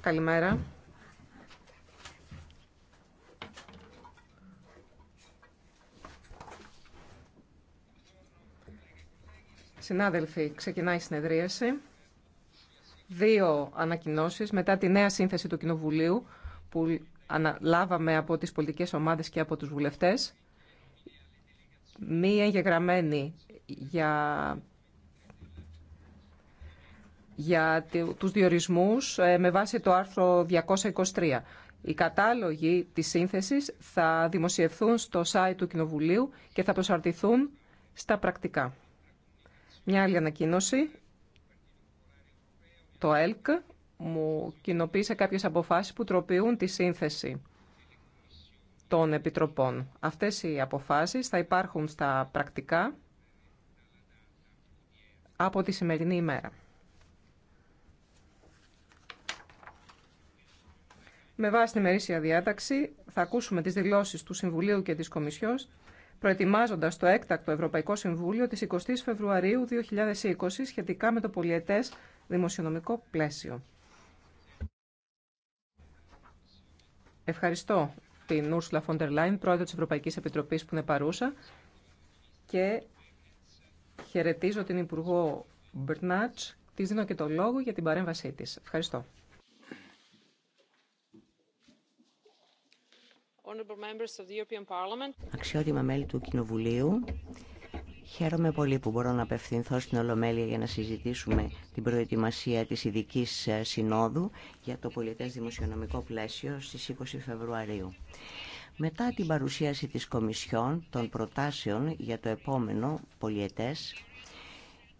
Καλημέρα. Συνάδελφοι, ξεκινάει η συνεδρίαση. Δύο ανακοινώσεις μετά τη νέα σύνθεση του Κοινοβουλίου που αναλάβαμε από τις πολιτικές ομάδες και από τους βουλευτές. Μία εγγεγραμμένη για για τους διορισμούς ε, με βάση το άρθρο 223. Οι κατάλογοι της σύνθεσης θα δημοσιευθούν στο site του Κοινοβουλίου και θα προσαρτηθούν στα πρακτικά. Μια άλλη ανακοίνωση. Το ΕΛΚ μου κοινοποίησε κάποιες αποφάσεις που τροποιούν τη σύνθεση των επιτροπών. Αυτές οι αποφάσεις θα υπάρχουν στα πρακτικά από τη σημερινή ημέρα. Με βάση τη μερίσια διάταξη θα ακούσουμε τις δηλώσεις του Συμβουλίου και της Κομισιό, προετοιμάζοντα το έκτακτο Ευρωπαϊκό Συμβούλιο τη 20 Φεβρουαρίου 2020 σχετικά με το πολιετές δημοσιονομικό πλαίσιο. Ευχαριστώ την Ούρσουλα Φοντερ Λάιν, πρόεδρο της Ευρωπαϊκής Επιτροπής που είναι παρούσα και χαιρετίζω την Υπουργό Μπρνάτ. Τη δίνω και το λόγο για την παρέμβασή τη. Ευχαριστώ. Αξιότιμα μέλη του Κοινοβουλίου, χαίρομαι πολύ που μπορώ να απευθυνθώ στην Ολομέλεια για να συζητήσουμε την προετοιμασία της ειδική ε, συνόδου για το πολιτές δημοσιονομικό πλαίσιο στις 20 Φεβρουαρίου. Μετά την παρουσίαση της Κομισιόν των προτάσεων για το επόμενο πολιετές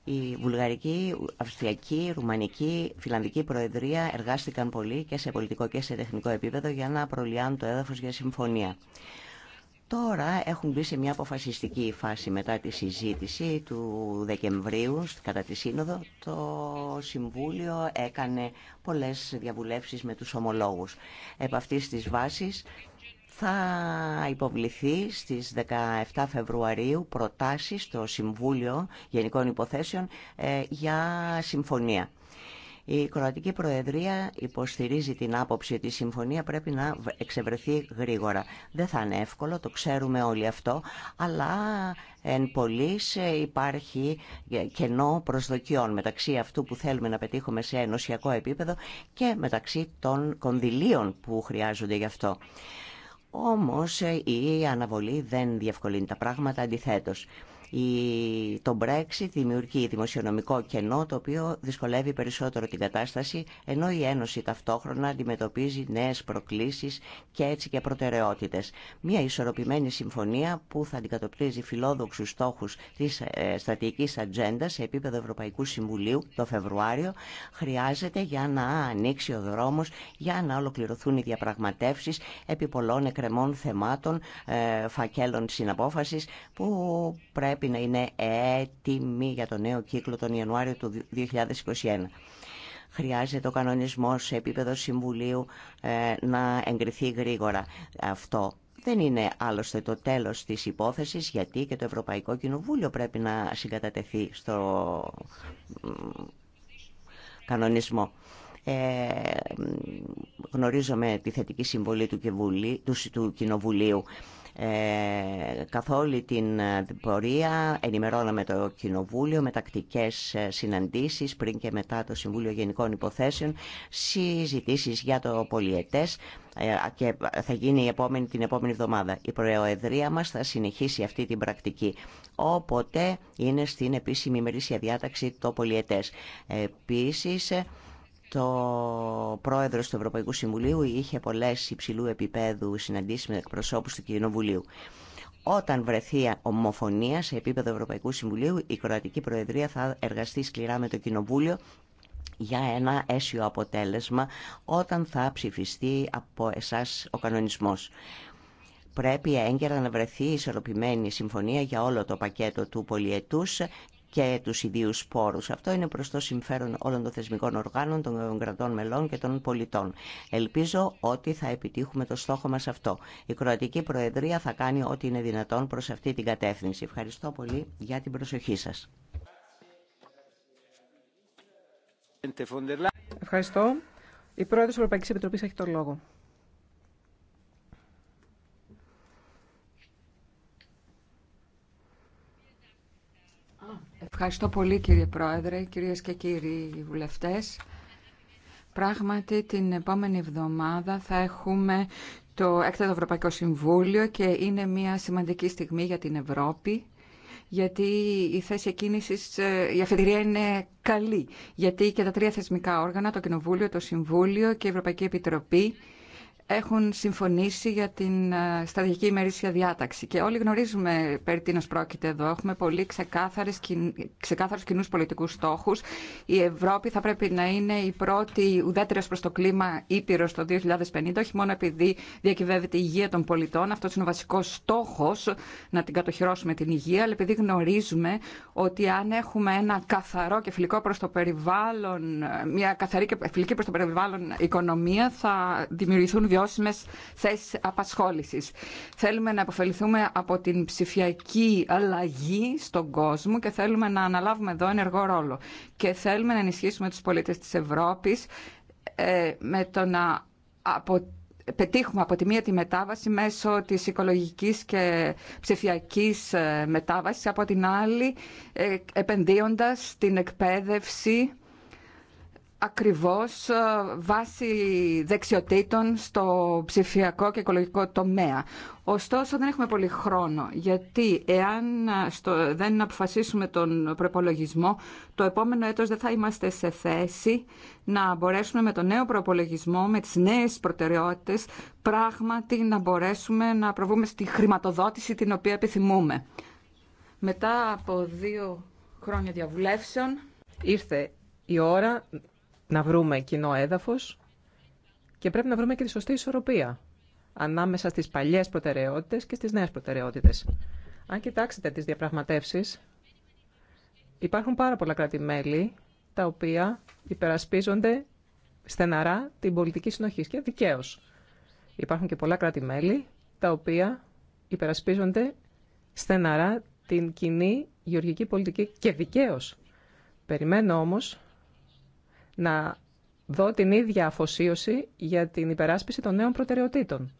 η Βουλγαρική, Αυστριακή, Ρουμανική, Φιλανδική Προεδρία εργάστηκαν πολύ και σε πολιτικό και σε τεχνικό επίπεδο για να προλυάνουν το έδαφος για συμφωνία. Τώρα έχουν μπει σε μια αποφασιστική φάση μετά τη συζήτηση του Δεκεμβρίου κατά τη Σύνοδο. Το Συμβούλιο έκανε πολλές διαβουλεύσεις με τους ομολόγους. Επ' αυτής της βάσης θα υποβληθεί στις 17 Φεβρουαρίου προτάσεις στο Συμβούλιο Γενικών Υποθέσεων ε, για συμφωνία. Η Κροατική Προεδρία υποστηρίζει την άποψη ότι η συμφωνία πρέπει να εξευρεθεί γρήγορα. Δεν θα είναι εύκολο, το ξέρουμε όλοι αυτό, αλλά εν πολλής ε, υπάρχει ε, κενό προσδοκιών μεταξύ αυτού που θέλουμε να πετύχουμε σε ενωσιακό επίπεδο και μεταξύ των κονδυλίων που χρειάζονται γι' αυτό. Όμως ε, η αναβολή δεν διευκολύνει τα πράγματα αντιθέτως. Το Brexit δημιουργεί δημοσιονομικό κενό το οποίο δυσκολεύει περισσότερο την κατάσταση ενώ η Ένωση ταυτόχρονα αντιμετωπίζει νέες προκλήσεις και έτσι και προτεραιότητες. Μια ισορροπημένη συμφωνία που θα αντικατοπτρίζει φιλόδοξους στόχους της ε, στρατηγικής ατζέντα σε επίπεδο Ευρωπαϊκού Συμβουλίου το Φεβρουάριο χρειάζεται για να ανοίξει ο δρόμος για να ολοκληρωθούν οι διαπραγματεύσεις επί πολλών εκκρεμών θεμάτων, ε, φακέλων συναπόφασης που πρέπει πρέπει να είναι έτοιμη για το νέο κύκλο τον Ιανουάριο του 2021. Χρειάζεται ο κανονισμός σε επίπεδο Συμβουλίου ε, να εγκριθεί γρήγορα. Αυτό δεν είναι άλλωστε το τέλος της υπόθεσης γιατί και το Ευρωπαϊκό Κοινοβούλιο πρέπει να συγκατατεθεί στο κανονισμό. Ε, γνωρίζομαι τη θετική συμβολή του, του, του Κοινοβουλίου. Ε, καθ' όλη την ε, πορεία ενημερώναμε το Κοινοβούλιο με τακτικές ε, συναντήσεις πριν και μετά το Συμβούλιο Γενικών Υποθέσεων, συζητήσεις για το πολιετές και θα γίνει η επόμενη, την επόμενη εβδομάδα. Η Προεδρία μας θα συνεχίσει αυτή την πρακτική. Όποτε είναι στην επίσημη ημερήσια διάταξη το πολιετές. επίσης, το πρόεδρος του Ευρωπαϊκού Συμβουλίου είχε πολλές υψηλού επίπεδου συναντήσεις με εκπροσώπους του Κοινοβουλίου. Όταν βρεθεί ομοφωνία σε επίπεδο Ευρωπαϊκού Συμβουλίου, η Κροατική Προεδρία θα εργαστεί σκληρά με το Κοινοβούλιο για ένα αίσιο αποτέλεσμα όταν θα ψηφιστεί από εσάς ο κανονισμός. Πρέπει έγκαιρα να βρεθεί ισορροπημένη συμφωνία για όλο το πακέτο του πολιετούς και του ιδίου πόρους. Αυτό είναι προς το συμφέρον όλων των θεσμικών οργάνων, των κρατών μελών και των πολιτών. Ελπίζω ότι θα επιτύχουμε το στόχο μας αυτό. Η Κροατική Προεδρία θα κάνει ό,τι είναι δυνατόν προς αυτή την κατεύθυνση. Ευχαριστώ πολύ για την προσοχή σας. Ευχαριστώ. Η Πρόεδρος της Ευρωπαϊκής Επιτροπής έχει το λόγο. Ευχαριστώ πολύ κύριε Πρόεδρε, κυρίες και κύριοι βουλευτές. Πράγματι την επόμενη εβδομάδα θα έχουμε το έκτατο Ευρωπαϊκό Συμβούλιο και είναι μια σημαντική στιγμή για την Ευρώπη γιατί η θέση εκκίνησης ε, η αφεντηρία είναι καλή, γιατί και τα τρία θεσμικά όργανα, το Κοινοβούλιο, το Συμβούλιο και η Ευρωπαϊκή Επιτροπή έχουν συμφωνήσει για την ε, στρατηγική ημερήσια διάταξη. Και όλοι γνωρίζουμε περί τίνο πρόκειται εδώ. Έχουμε πολύ ξεκάθαρου κοινού πολιτικού στόχου. Η Ευρώπη θα πρέπει να είναι η πρώτη ουδέτερη προ το κλίμα Ήπειρο το 2050, όχι μόνο επειδή διακυβεύεται η υγεία των πολιτών. Αυτό είναι ο βασικό στόχο να την κατοχυρώσουμε την υγεία, αλλά επειδή γνωρίζουμε ότι αν έχουμε ένα καθαρό και φιλικό προς το περιβάλλον, ε, μια καθαρή και φιλική προ το περιβάλλον οικονομία, θα δημιουργηθούν βιώσιμε θέσεις απασχόλησης. Θέλουμε να αποφεληθούμε από την ψηφιακή αλλαγή στον κόσμο και θέλουμε να αναλάβουμε εδώ ενεργό ρόλο. Και θέλουμε να ενισχύσουμε τους πολίτες της Ευρώπης ε, με το να απο... πετύχουμε από τη μία τη μετάβαση μέσω τη οικολογική και ψηφιακής ε, μετάβαση, από την άλλη ε, επενδύοντα την εκπαίδευση ακριβώς ε, βάσει δεξιοτήτων στο ψηφιακό και οικολογικό τομέα. Ωστόσο δεν έχουμε πολύ χρόνο, γιατί εάν ε, στο, δεν αποφασίσουμε τον προπολογισμό, το επόμενο έτος δεν θα είμαστε σε θέση να μπορέσουμε με τον νέο προπολογισμό, με τις νέες προτεραιότητες, πράγματι να μπορέσουμε να προβούμε στη χρηματοδότηση την οποία επιθυμούμε. Μετά από δύο χρόνια διαβουλεύσεων, ήρθε η ώρα να βρούμε κοινό έδαφος και πρέπει να βρούμε και τη σωστή ισορροπία ανάμεσα στις παλιές προτεραιότητες και στις νέες προτεραιότητες. Αν κοιτάξετε τις διαπραγματεύσεις, υπάρχουν πάρα πολλά κράτη-μέλη τα οποία υπερασπίζονται στεναρά την πολιτική συνοχή και δικαίω. Υπάρχουν και πολλά κράτη-μέλη τα οποία υπερασπίζονται στεναρά την κοινή γεωργική πολιτική και δικαίω. Περιμένω όμως να δω την ίδια αφοσίωση για την υπεράσπιση των νέων προτεραιοτήτων.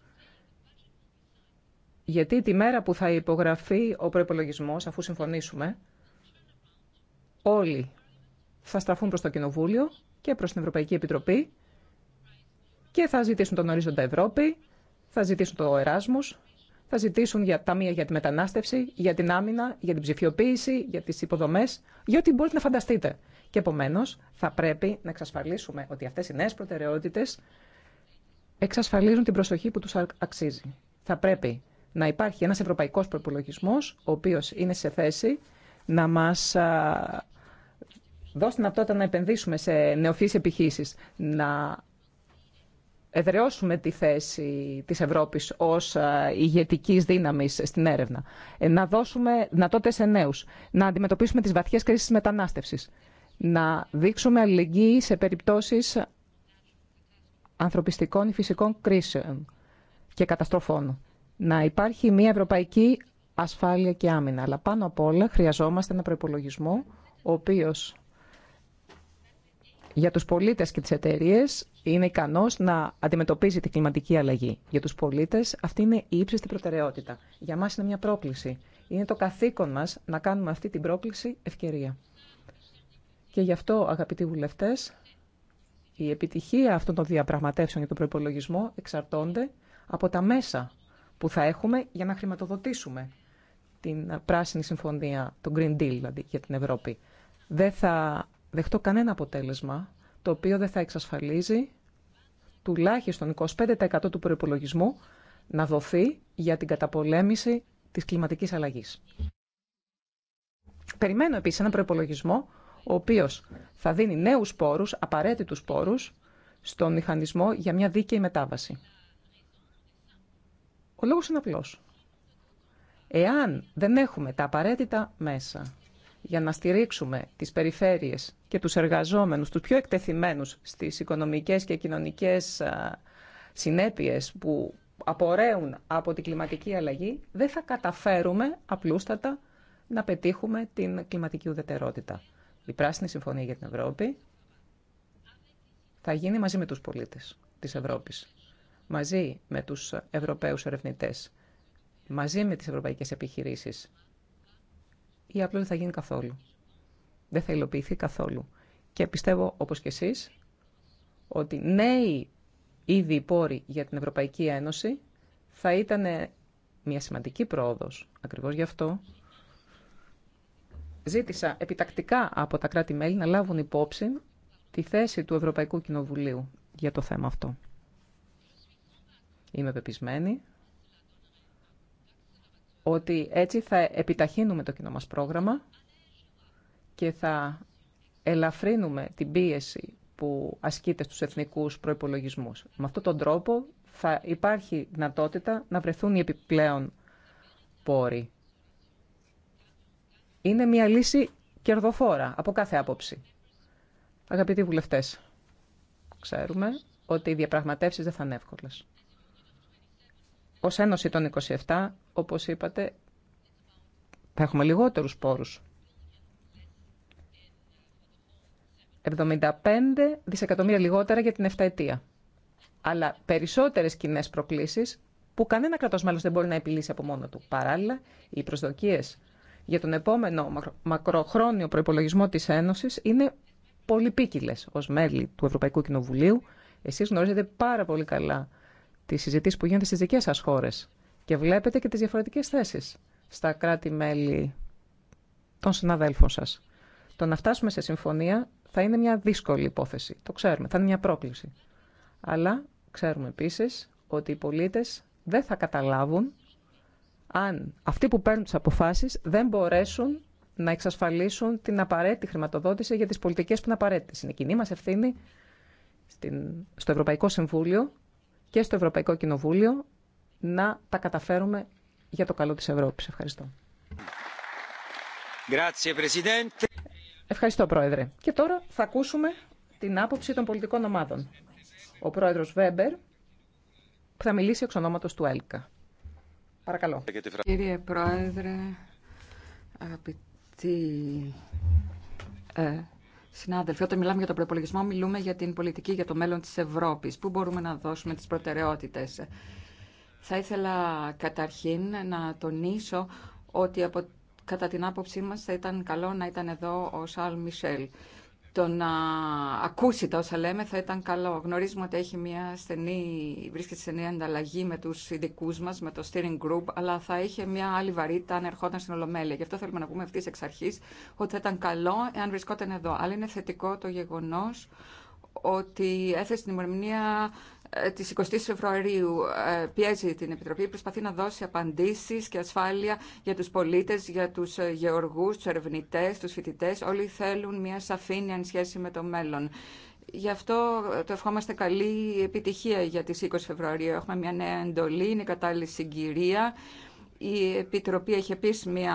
Γιατί τη μέρα που θα υπογραφεί ο προπολογισμό, αφού συμφωνήσουμε, όλοι θα στραφούν προς το Κοινοβούλιο και προς την Ευρωπαϊκή Επιτροπή και θα ζητήσουν τον ορίζοντα Ευρώπη, θα ζητήσουν το Εράσμο, θα ζητήσουν για ταμεία για τη μετανάστευση, για την άμυνα, για την ψηφιοποίηση, για τις υποδομές, για ό,τι μπορείτε να φανταστείτε. Και επομένω, θα πρέπει να εξασφαλίσουμε ότι αυτές οι νέες προτεραιότητες εξασφαλίζουν την προσοχή που τους αξίζει. Θα πρέπει να υπάρχει ένας ευρωπαϊκός προπολογισμό, ο οποίος είναι σε θέση να μας δώσει την αυτότητα να επενδύσουμε σε νεοφύσει επιχείρησει, να εδραιώσουμε τη θέση της Ευρώπης ως ηγετικής δύναμης στην έρευνα, να δώσουμε δυνατότητες σε νέους, να αντιμετωπίσουμε τις βαθιές κρίσεις μετανάστευσης να δείξουμε αλληλεγγύη σε περιπτώσεις ανθρωπιστικών ή φυσικών κρίσεων και καταστροφών. Να υπάρχει μια ευρωπαϊκή ασφάλεια και άμυνα. Αλλά πάνω απ' όλα χρειαζόμαστε ένα προϋπολογισμό ο οποίος για τους πολίτες και τις εταιρείες είναι ικανός να αντιμετωπίζει την κλιματική αλλαγή. Για τους πολίτες αυτή είναι η ύψιστη προτεραιότητα. Για μας είναι μια πρόκληση. Είναι το καθήκον μας να κάνουμε αυτή την πρόκληση ευκαιρία. Και γι' αυτό, αγαπητοί βουλευτές, η επιτυχία αυτών των διαπραγματεύσεων για τον προπολογισμό εξαρτώνται από τα μέσα που θα έχουμε για να χρηματοδοτήσουμε την πράσινη συμφωνία, τον Green Deal δηλαδή για την Ευρώπη. Δεν θα δεχτώ κανένα αποτέλεσμα το οποίο δεν θα εξασφαλίζει τουλάχιστον 25% του προϋπολογισμού να δοθεί για την καταπολέμηση της κλιματικής αλλαγής. Περιμένω επίσης ένα προϋπολογισμό ο οποίο θα δίνει νέους πόρους, απαραίτητου πόρου, στον μηχανισμό για μια δίκαιη μετάβαση. Ο λόγος είναι απλός. Εάν δεν έχουμε τα απαραίτητα μέσα για να στηρίξουμε τις περιφέρειες και τους εργαζόμενους, του πιο εκτεθειμένους στις οικονομικές και κοινωνικές συνέπειες που απορρέουν από την κλιματική αλλαγή, δεν θα καταφέρουμε απλούστατα να πετύχουμε την κλιματική ουδετερότητα. Η Πράσινη Συμφωνία για την Ευρώπη θα γίνει μαζί με τους πολίτες της Ευρώπης, μαζί με τους Ευρωπαίους ερευνητές, μαζί με τις ευρωπαϊκές επιχειρήσεις. Ή απλώς δεν θα γίνει καθόλου. Δεν θα υλοποιηθεί καθόλου. Και πιστεύω, όπως και εσείς, ότι νέοι ήδη για την Ευρωπαϊκή Ένωση θα ήταν μια σημαντική πρόοδος. Ακριβώς γι' αυτό Ζήτησα επιτακτικά από τα κράτη-μέλη να λάβουν υπόψη τη θέση του Ευρωπαϊκού Κοινοβουλίου για το θέμα αυτό. Είμαι πεπισμένη ότι έτσι θα επιταχύνουμε το κοινό μας πρόγραμμα και θα ελαφρύνουμε την πίεση που ασκείται στους εθνικούς προϋπολογισμούς. Με αυτόν τον τρόπο θα υπάρχει δυνατότητα να βρεθούν οι επιπλέον πόροι είναι μια λύση κερδοφόρα από κάθε άποψη. Αγαπητοί βουλευτές, ξέρουμε ότι οι διαπραγματεύσεις δεν θα είναι εύκολες. Ως Ένωση των 27, όπως είπατε, θα έχουμε λιγότερους πόρους. 75 δισεκατομμύρια λιγότερα για την 7 ετία. Αλλά περισσότερες κοινέ προκλήσεις που κανένα κρατός μάλλον δεν μπορεί να επιλύσει από μόνο του. Παράλληλα, οι προσδοκίες για τον επόμενο μακροχρόνιο προπολογισμό της Ένωσης είναι πολυπίκυλε ως μέλη του Ευρωπαϊκού Κοινοβουλίου. Εσείς γνωρίζετε πάρα πολύ καλά τις συζητήσεις που γίνονται στις δικές σας χώρες και βλέπετε και τις διαφορετικές θέσεις στα κράτη-μέλη των συναδέλφων σας. Το να φτάσουμε σε συμφωνία θα είναι μια δύσκολη υπόθεση. Το ξέρουμε, θα είναι μια πρόκληση. Αλλά ξέρουμε επίσης ότι οι πολίτες δεν θα καταλάβουν αν αυτοί που παίρνουν τις αποφάσεις δεν μπορέσουν να εξασφαλίσουν την απαραίτητη χρηματοδότηση για τις πολιτικές που είναι απαραίτητε. Είναι κοινή μας ευθύνη στο Ευρωπαϊκό Συμβούλιο και στο Ευρωπαϊκό Κοινοβούλιο να τα καταφέρουμε για το καλό της Ευρώπης. Ευχαριστώ. Ευχαριστώ, Πρόεδρε. Και τώρα θα ακούσουμε την άποψη των πολιτικών ομάδων. Ο Πρόεδρος Βέμπερ θα μιλήσει εξ ονόματος του ΕΛΚΑ. Παρακαλώ. Κύριε Πρόεδρε, αγαπητοί ε, συνάδελφοι, όταν μιλάμε για τον προπολογισμό, μιλούμε για την πολιτική, για το μέλλον της Ευρώπης. Πού μπορούμε να δώσουμε τις προτεραιότητες. Θα ήθελα καταρχήν να τονίσω ότι από, κατά την άποψή μας θα ήταν καλό να ήταν εδώ ο Σαλ Μισελ το να ακούσει τα όσα λέμε θα ήταν καλό. Γνωρίζουμε ότι έχει μια στενή, βρίσκεται στενή ανταλλαγή με του ειδικού μα, με το steering group, αλλά θα είχε μια άλλη βαρύτητα αν ερχόταν στην Ολομέλεια. Γι' αυτό θέλουμε να πούμε ευθύ εξ αρχή ότι θα ήταν καλό εάν βρισκόταν εδώ. Αλλά είναι θετικό το γεγονό ότι έθεσε την ημερομηνία ε, της 20 Φεβρουαρίου ε, πιέζει την Επιτροπή, προσπαθεί να δώσει απαντήσεις και ασφάλεια για τους πολίτες, για τους ε, γεωργούς, τους ερευνητές, τους φοιτητές. Όλοι θέλουν μια σαφήνεια εν σχέση με το μέλλον. Γι' αυτό το ευχόμαστε καλή επιτυχία για τις 20 Φεβρουαρίου. Έχουμε μια νέα εντολή, είναι κατάλληλη συγκυρία. Η Επιτροπή έχει επίσης μια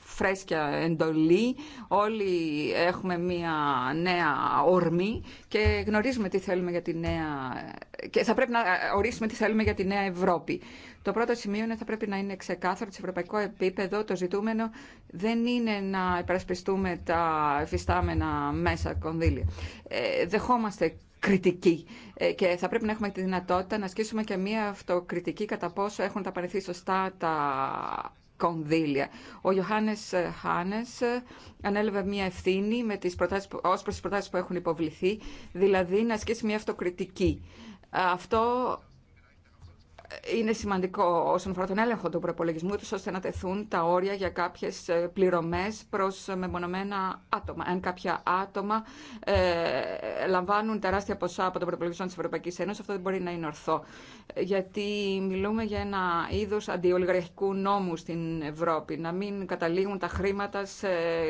φρέσκια εντολή. Όλοι έχουμε μια νέα ορμή και γνωρίζουμε τι θέλουμε για τη νέα και θα πρέπει να ορίσουμε τι θέλουμε για τη νέα Ευρώπη. Το πρώτο σημείο είναι θα πρέπει να είναι ξεκάθαρο ότι σε ευρωπαϊκό επίπεδο το ζητούμενο δεν είναι να υπερασπιστούμε τα εφιστάμενα μέσα κονδύλια. Ε, δεχόμαστε κριτική ε, και θα πρέπει να έχουμε τη δυνατότητα να ασκήσουμε και μία αυτοκριτική κατά πόσο έχουν τα ταπανηθεί σωστά τα κονδύλια. Ο Ιωάννης Χάνες ανέλαβε μία ευθύνη με τις προτάσεις, ως προς τις προτάσεις που έχουν υποβληθεί, δηλαδή να ασκήσει μία αυτοκριτική. Αυτό είναι σημαντικό όσον αφορά τον έλεγχο του προπολογισμού του, ώστε να τεθούν τα όρια για κάποιε πληρωμέ προ μεμονωμένα άτομα. Αν κάποια άτομα ε, λαμβάνουν τεράστια ποσά από τον προπολογισμό τη Ευρωπαϊκή Ένωση, αυτό δεν μπορεί να είναι ορθό. Γιατί μιλούμε για ένα είδο αντιολιγαρχικού νόμου στην Ευρώπη, να μην καταλήγουν τα χρήματα σε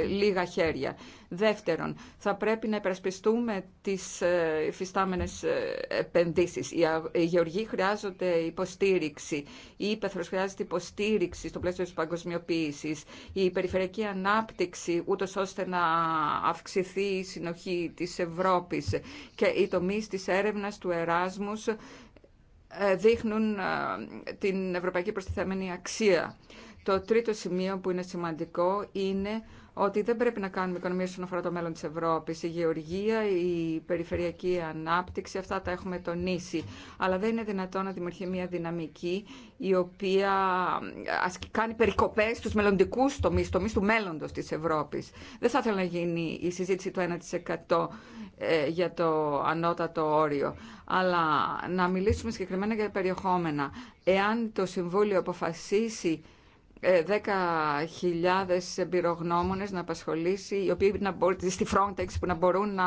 λίγα χέρια. Δεύτερον, θα πρέπει να υπερασπιστούμε τις ε, υφιστάμενες ε, επενδύσεις. Οι γεωργοί χρειάζονται υποστήριξη, η ύπεθρος χρειάζεται υποστήριξη στο πλαίσιο της παγκοσμιοποίησης, η περιφερειακή ανάπτυξη ούτω ώστε να αυξηθεί η συνοχή της Ευρώπης και οι τομείς της έρευνας του Εράσμους ε, δείχνουν την ευρωπαϊκή προστιθέμενη αξία. Το τρίτο σημείο που είναι σημαντικό είναι ότι δεν πρέπει να κάνουμε οικονομία όσον αφορά το μέλλον της Ευρώπης. Η γεωργία, η περιφερειακή ανάπτυξη, αυτά τα έχουμε τονίσει. Αλλά δεν είναι δυνατόν να δημιουργεί μια δυναμική η οποία ε, κάνει περικοπές στους μελλοντικού τομείς, τομείς του μέλλοντος της Ευρώπης. Δεν θα ήθελα να γίνει η συζήτηση του 1% ε, για το ανώτατο όριο. Αλλά να μιλήσουμε συγκεκριμένα για περιεχόμενα. Εάν το Συμβούλιο αποφασίσει 10.000 ε, εμπειρογνώμονες να απασχολήσει, οι οποίοι να μπορούν, στη Frontex που να μπορούν να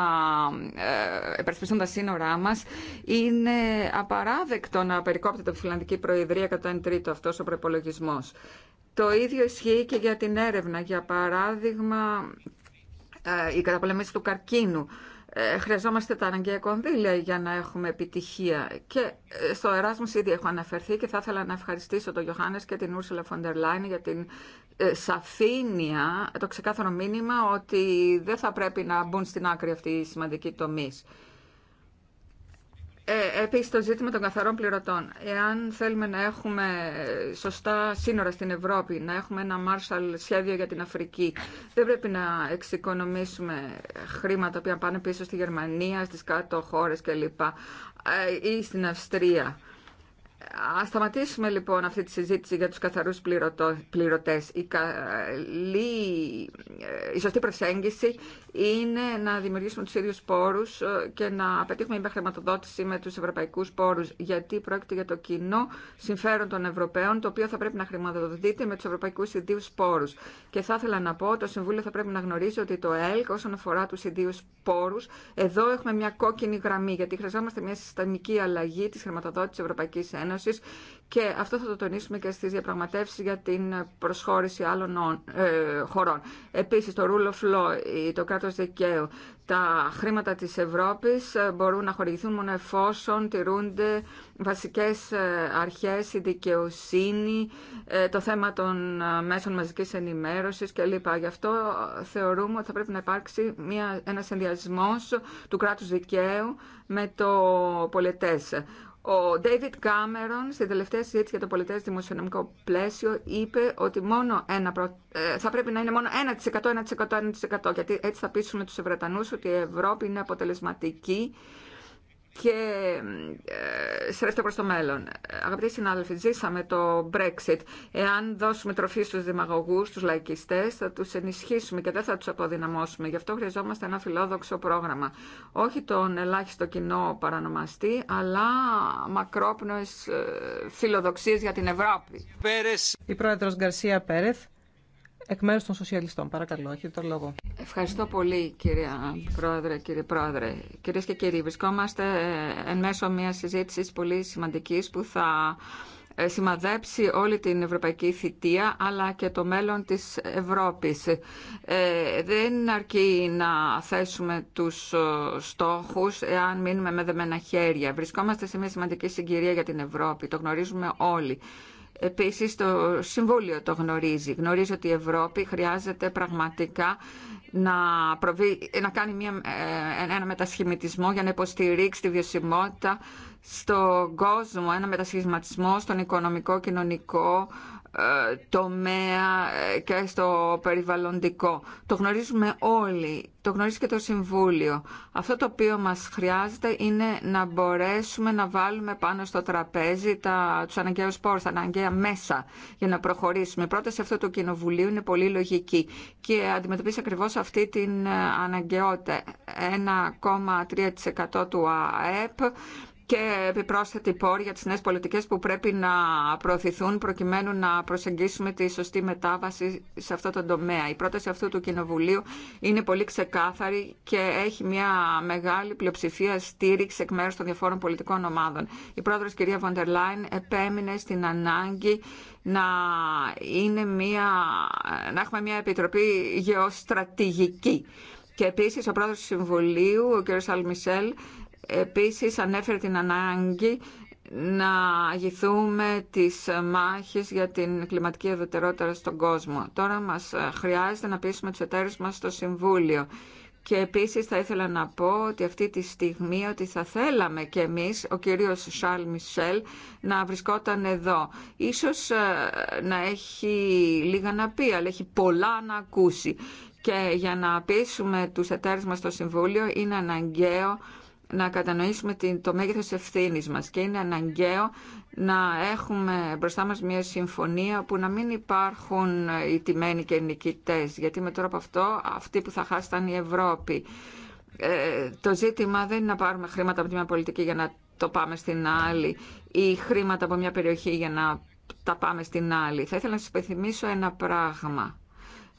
ε, επερασπιστούν τα σύνορά μας. Είναι απαράδεκτο να περικόπτεται από τη Φιλανδική Προεδρία κατά εν τρίτο αυτός ο προπολογισμό. Το ίδιο ισχύει και για την έρευνα. Για παράδειγμα, ε, η καταπολέμηση του καρκίνου ε, χρειαζόμαστε τα αναγκαία κονδύλια για να έχουμε επιτυχία. Και ε, στο Εράσμος ήδη έχω αναφερθεί και θα ήθελα να ευχαριστήσω τον Γιωχάνες και την Ούρσουλα Φοντερ Λάιν για την ε, σαφήνεια, το ξεκάθαρο μήνυμα ότι δεν θα πρέπει να μπουν στην άκρη αυτή οι σημαντικοί τομείς. Ε, επίσης το ζήτημα των καθαρών πληρωτών. Εάν θέλουμε να έχουμε σωστά σύνορα στην Ευρώπη, να έχουμε ένα Marshall σχέδιο για την Αφρική, δεν πρέπει να εξοικονομήσουμε χρήματα που πάνε πίσω στη Γερμανία, στις κάτω χώρες κλπ. Ε, ή στην Αυστρία. Α σταματήσουμε λοιπόν αυτή τη συζήτηση για τους καθαρούς πληρωτές. Η, ε, η σωστή προσέγγιση είναι να δημιουργήσουμε τους ίδιους πόρους ε, και να πετύχουμε χρηματοδότηση με τους ευρωπαϊκούς πόρους, γιατί πρόκειται για το κοινό συμφέρον των Ευρωπαίων, το οποίο θα πρέπει να χρηματοδοτείται με τους ευρωπαϊκούς ιδιού πόρους. Και θα ήθελα να πω, το Συμβούλιο θα πρέπει να γνωρίζει ότι το ΕΛΚ όσον αφορά τους ιδίου πόρους, εδώ έχουμε μια κόκκινη γραμμή, γιατί χρειαζόμαστε μια συστημική αλλαγή της χρηματοδότησης Ευρωπαϊκής Ένωσης και αυτό θα το τονίσουμε και στι διαπραγματεύσει για την προσχώρηση άλλων ε, χωρών. Επίση, το rule of law, το κράτος δικαίου, τα χρήματα της Ευρώπης ε, μπορούν να χορηγηθούν μόνο εφόσον τηρούνται βασικές ε, αρχές, η δικαιοσύνη, το θέμα των μέσων μαζική ενημέρωση κλπ. Γι' αυτό θεωρούμε ότι θα πρέπει να υπάρξει ένα ένας του κράτου δικαίου με το πολιτέ. Ο David Κάμερον στη τελευταία συζήτηση για το πολιτές δημοσιονομικό πλαίσιο είπε ότι μόνο ένα, ε, θα πρέπει να είναι μόνο 1%, 1%, 1%, γιατί έτσι θα πείσουμε τους Βρετανούς ότι η Ευρώπη είναι αποτελεσματική και ε, στρέφεται προς το μέλλον. Αγαπητοί συνάδελφοι, ζήσαμε το Brexit. Εάν δώσουμε τροφή στους δημαγωγούς, στους λαϊκιστές, θα τους ενισχύσουμε και δεν θα τους αποδυναμώσουμε. Γι' αυτό χρειαζόμαστε ένα φιλόδοξο πρόγραμμα. Όχι τον ελάχιστο κοινό παρανομαστή, αλλά μακρόπνοες ε, φιλοδοξίες για την Ευρώπη. Η πρόεδρος Γκαρσία Πέρεθ εκ μέρους των σοσιαλιστών. Παρακαλώ, έχετε το λόγο. Ευχαριστώ πολύ κυρία Πρόεδρε, κύριε Πρόεδρε. Κυρίες και κύριοι, βρισκόμαστε ε, εν μέσω μιας συζήτησης πολύ σημαντικής που θα ε, σημαδέψει όλη την ευρωπαϊκή θητεία αλλά και το μέλλον της Ευρώπης. Ε, δεν αρκεί να θέσουμε τους στόχους εάν μείνουμε με δεμένα χέρια. Βρισκόμαστε σε μια σημαντική συγκυρία για την Ευρώπη, το γνωρίζουμε όλοι. Επίσης το Συμβούλιο το γνωρίζει. Γνωρίζει ότι η Ευρώπη χρειάζεται πραγματικά να, να κάνει μια, ε, ένα μετασχηματισμό για να υποστηρίξει τη βιωσιμότητα στον κόσμο, ένα μετασχηματισμό στον οικονομικό, κοινωνικό, ε, τομέα ε, και στο περιβαλλοντικό. Το γνωρίζουμε όλοι, το γνωρίζει και το Συμβούλιο. Αυτό το οποίο μας χρειάζεται είναι να μπορέσουμε να βάλουμε πάνω στο τραπέζι τα, τους αναγκαίους πόρους, τα αναγκαία μέσα για να προχωρήσουμε. Η πρόταση αυτού του Κοινοβουλίου είναι πολύ λογική και αντιμετωπίζει ακριβώς αυτή την ε, αναγκαιότητα. 1,3% του ΑΕΠ και επιπρόσθετη πόρη για τις νέες πολιτικές που πρέπει να προωθηθούν προκειμένου να προσεγγίσουμε τη σωστή μετάβαση σε αυτό το τομέα. Η πρόταση αυτού του Κοινοβουλίου είναι πολύ ξεκάθαρη και έχει μια μεγάλη πλειοψηφία στήριξη εκ μέρους των διαφόρων πολιτικών ομάδων. Η πρόεδρος κυρία Βοντερ Λάιν επέμεινε στην ανάγκη να, έχουμε μια επιτροπή γεωστρατηγική. Και επίσης ο πρόεδρος του Συμβουλίου, ο κ. Αλμισελ, Επίσης ανέφερε την ανάγκη να αγηθούμε τις μάχες για την κλιματική ευρωτερότητα στον κόσμο. Τώρα μας χρειάζεται να πείσουμε τους εταίρους μας στο Συμβούλιο. Και επίσης θα ήθελα να πω ότι αυτή τη στιγμή ότι θα θέλαμε και εμείς, ο κύριος Σαρλ Μισελ, να βρισκόταν εδώ. Ίσως ε, να έχει λίγα να πει, αλλά έχει πολλά να ακούσει. Και για να πείσουμε τους εταίρους μας στο Συμβούλιο είναι αναγκαίο να κατανοήσουμε το μέγεθος ευθύνης μας και είναι αναγκαίο να έχουμε μπροστά μας μια συμφωνία που να μην υπάρχουν οι τιμένοι και οι νικητές γιατί με τρόπο αυτό αυτοί που θα χάσταν η Ευρώπη. Ε, το ζήτημα δεν είναι να πάρουμε χρήματα από τη μια πολιτική για να το πάμε στην άλλη ή χρήματα από μια περιοχή για να τα πάμε στην άλλη. Θα ήθελα να σας υπενθυμίσω ένα πράγμα.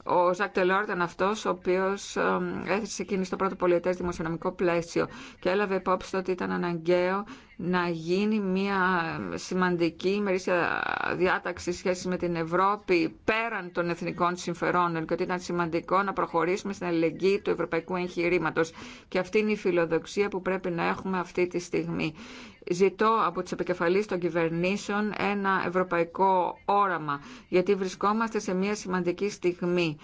Ο Ζακ Τελόρ ήταν αυτό ο οποίο έθεσε εκείνη στο πρώτο πολιετέ δημοσιονομικό πλαίσιο και έλαβε υπόψη ότι ήταν αναγκαίο να γίνει μια σημαντική ημερήσια διάταξη σχέση με την Ευρώπη πέραν των εθνικών συμφερόντων και ότι ήταν σημαντικό να προχωρήσουμε στην αλληλεγγύη του ευρωπαϊκού εγχειρήματο. Και αυτή είναι η φιλοδοξία που πρέπει να έχουμε αυτή τη στιγμή. Ζητώ από τις επικεφαλείς των κυβερνήσεων ένα ευρωπαϊκό όραμα, γιατί βρισκόμαστε σε μια σημαντική στιγμή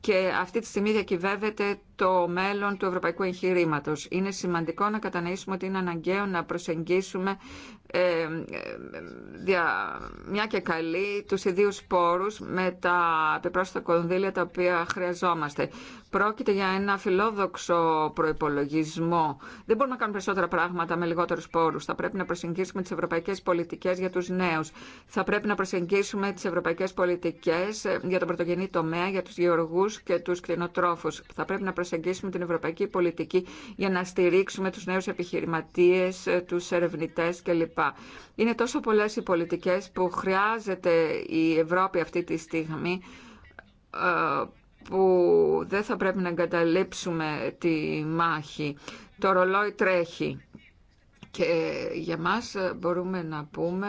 και αυτή τη στιγμή διακυβεύεται το μέλλον του ευρωπαϊκού εγχειρήματο. Είναι σημαντικό να κατανοήσουμε ότι είναι αναγκαίο να προσεγγίσουμε ε, δια, μια και καλή τους ιδίους πόρου με τα επιπρόσθετα κονδύλια τα οποία χρειαζόμαστε. Πρόκειται για ένα φιλόδοξο προπολογισμό. Δεν μπορούμε να κάνουμε περισσότερα πράγματα με λιγότερου πόρου. Θα πρέπει να προσεγγίσουμε τι ευρωπαϊκέ πολιτικέ για του νέου. Θα πρέπει να προσεγγίσουμε τι ευρωπαϊκέ πολιτικέ για τον πρωτογενή τομέα, για του γεωργού και του κτηνοτρόφου. Θα πρέπει να προσεγγίσουμε την ευρωπαϊκή πολιτική για να στηρίξουμε τους νέους επιχειρηματίες, τους ερευνητές κλπ. Είναι τόσο πολλές οι πολιτικές που χρειάζεται η Ευρώπη αυτή τη στιγμή ε, που δεν θα πρέπει να εγκαταλείψουμε τη μάχη. Το ρολόι τρέχει και για μας μπορούμε να πούμε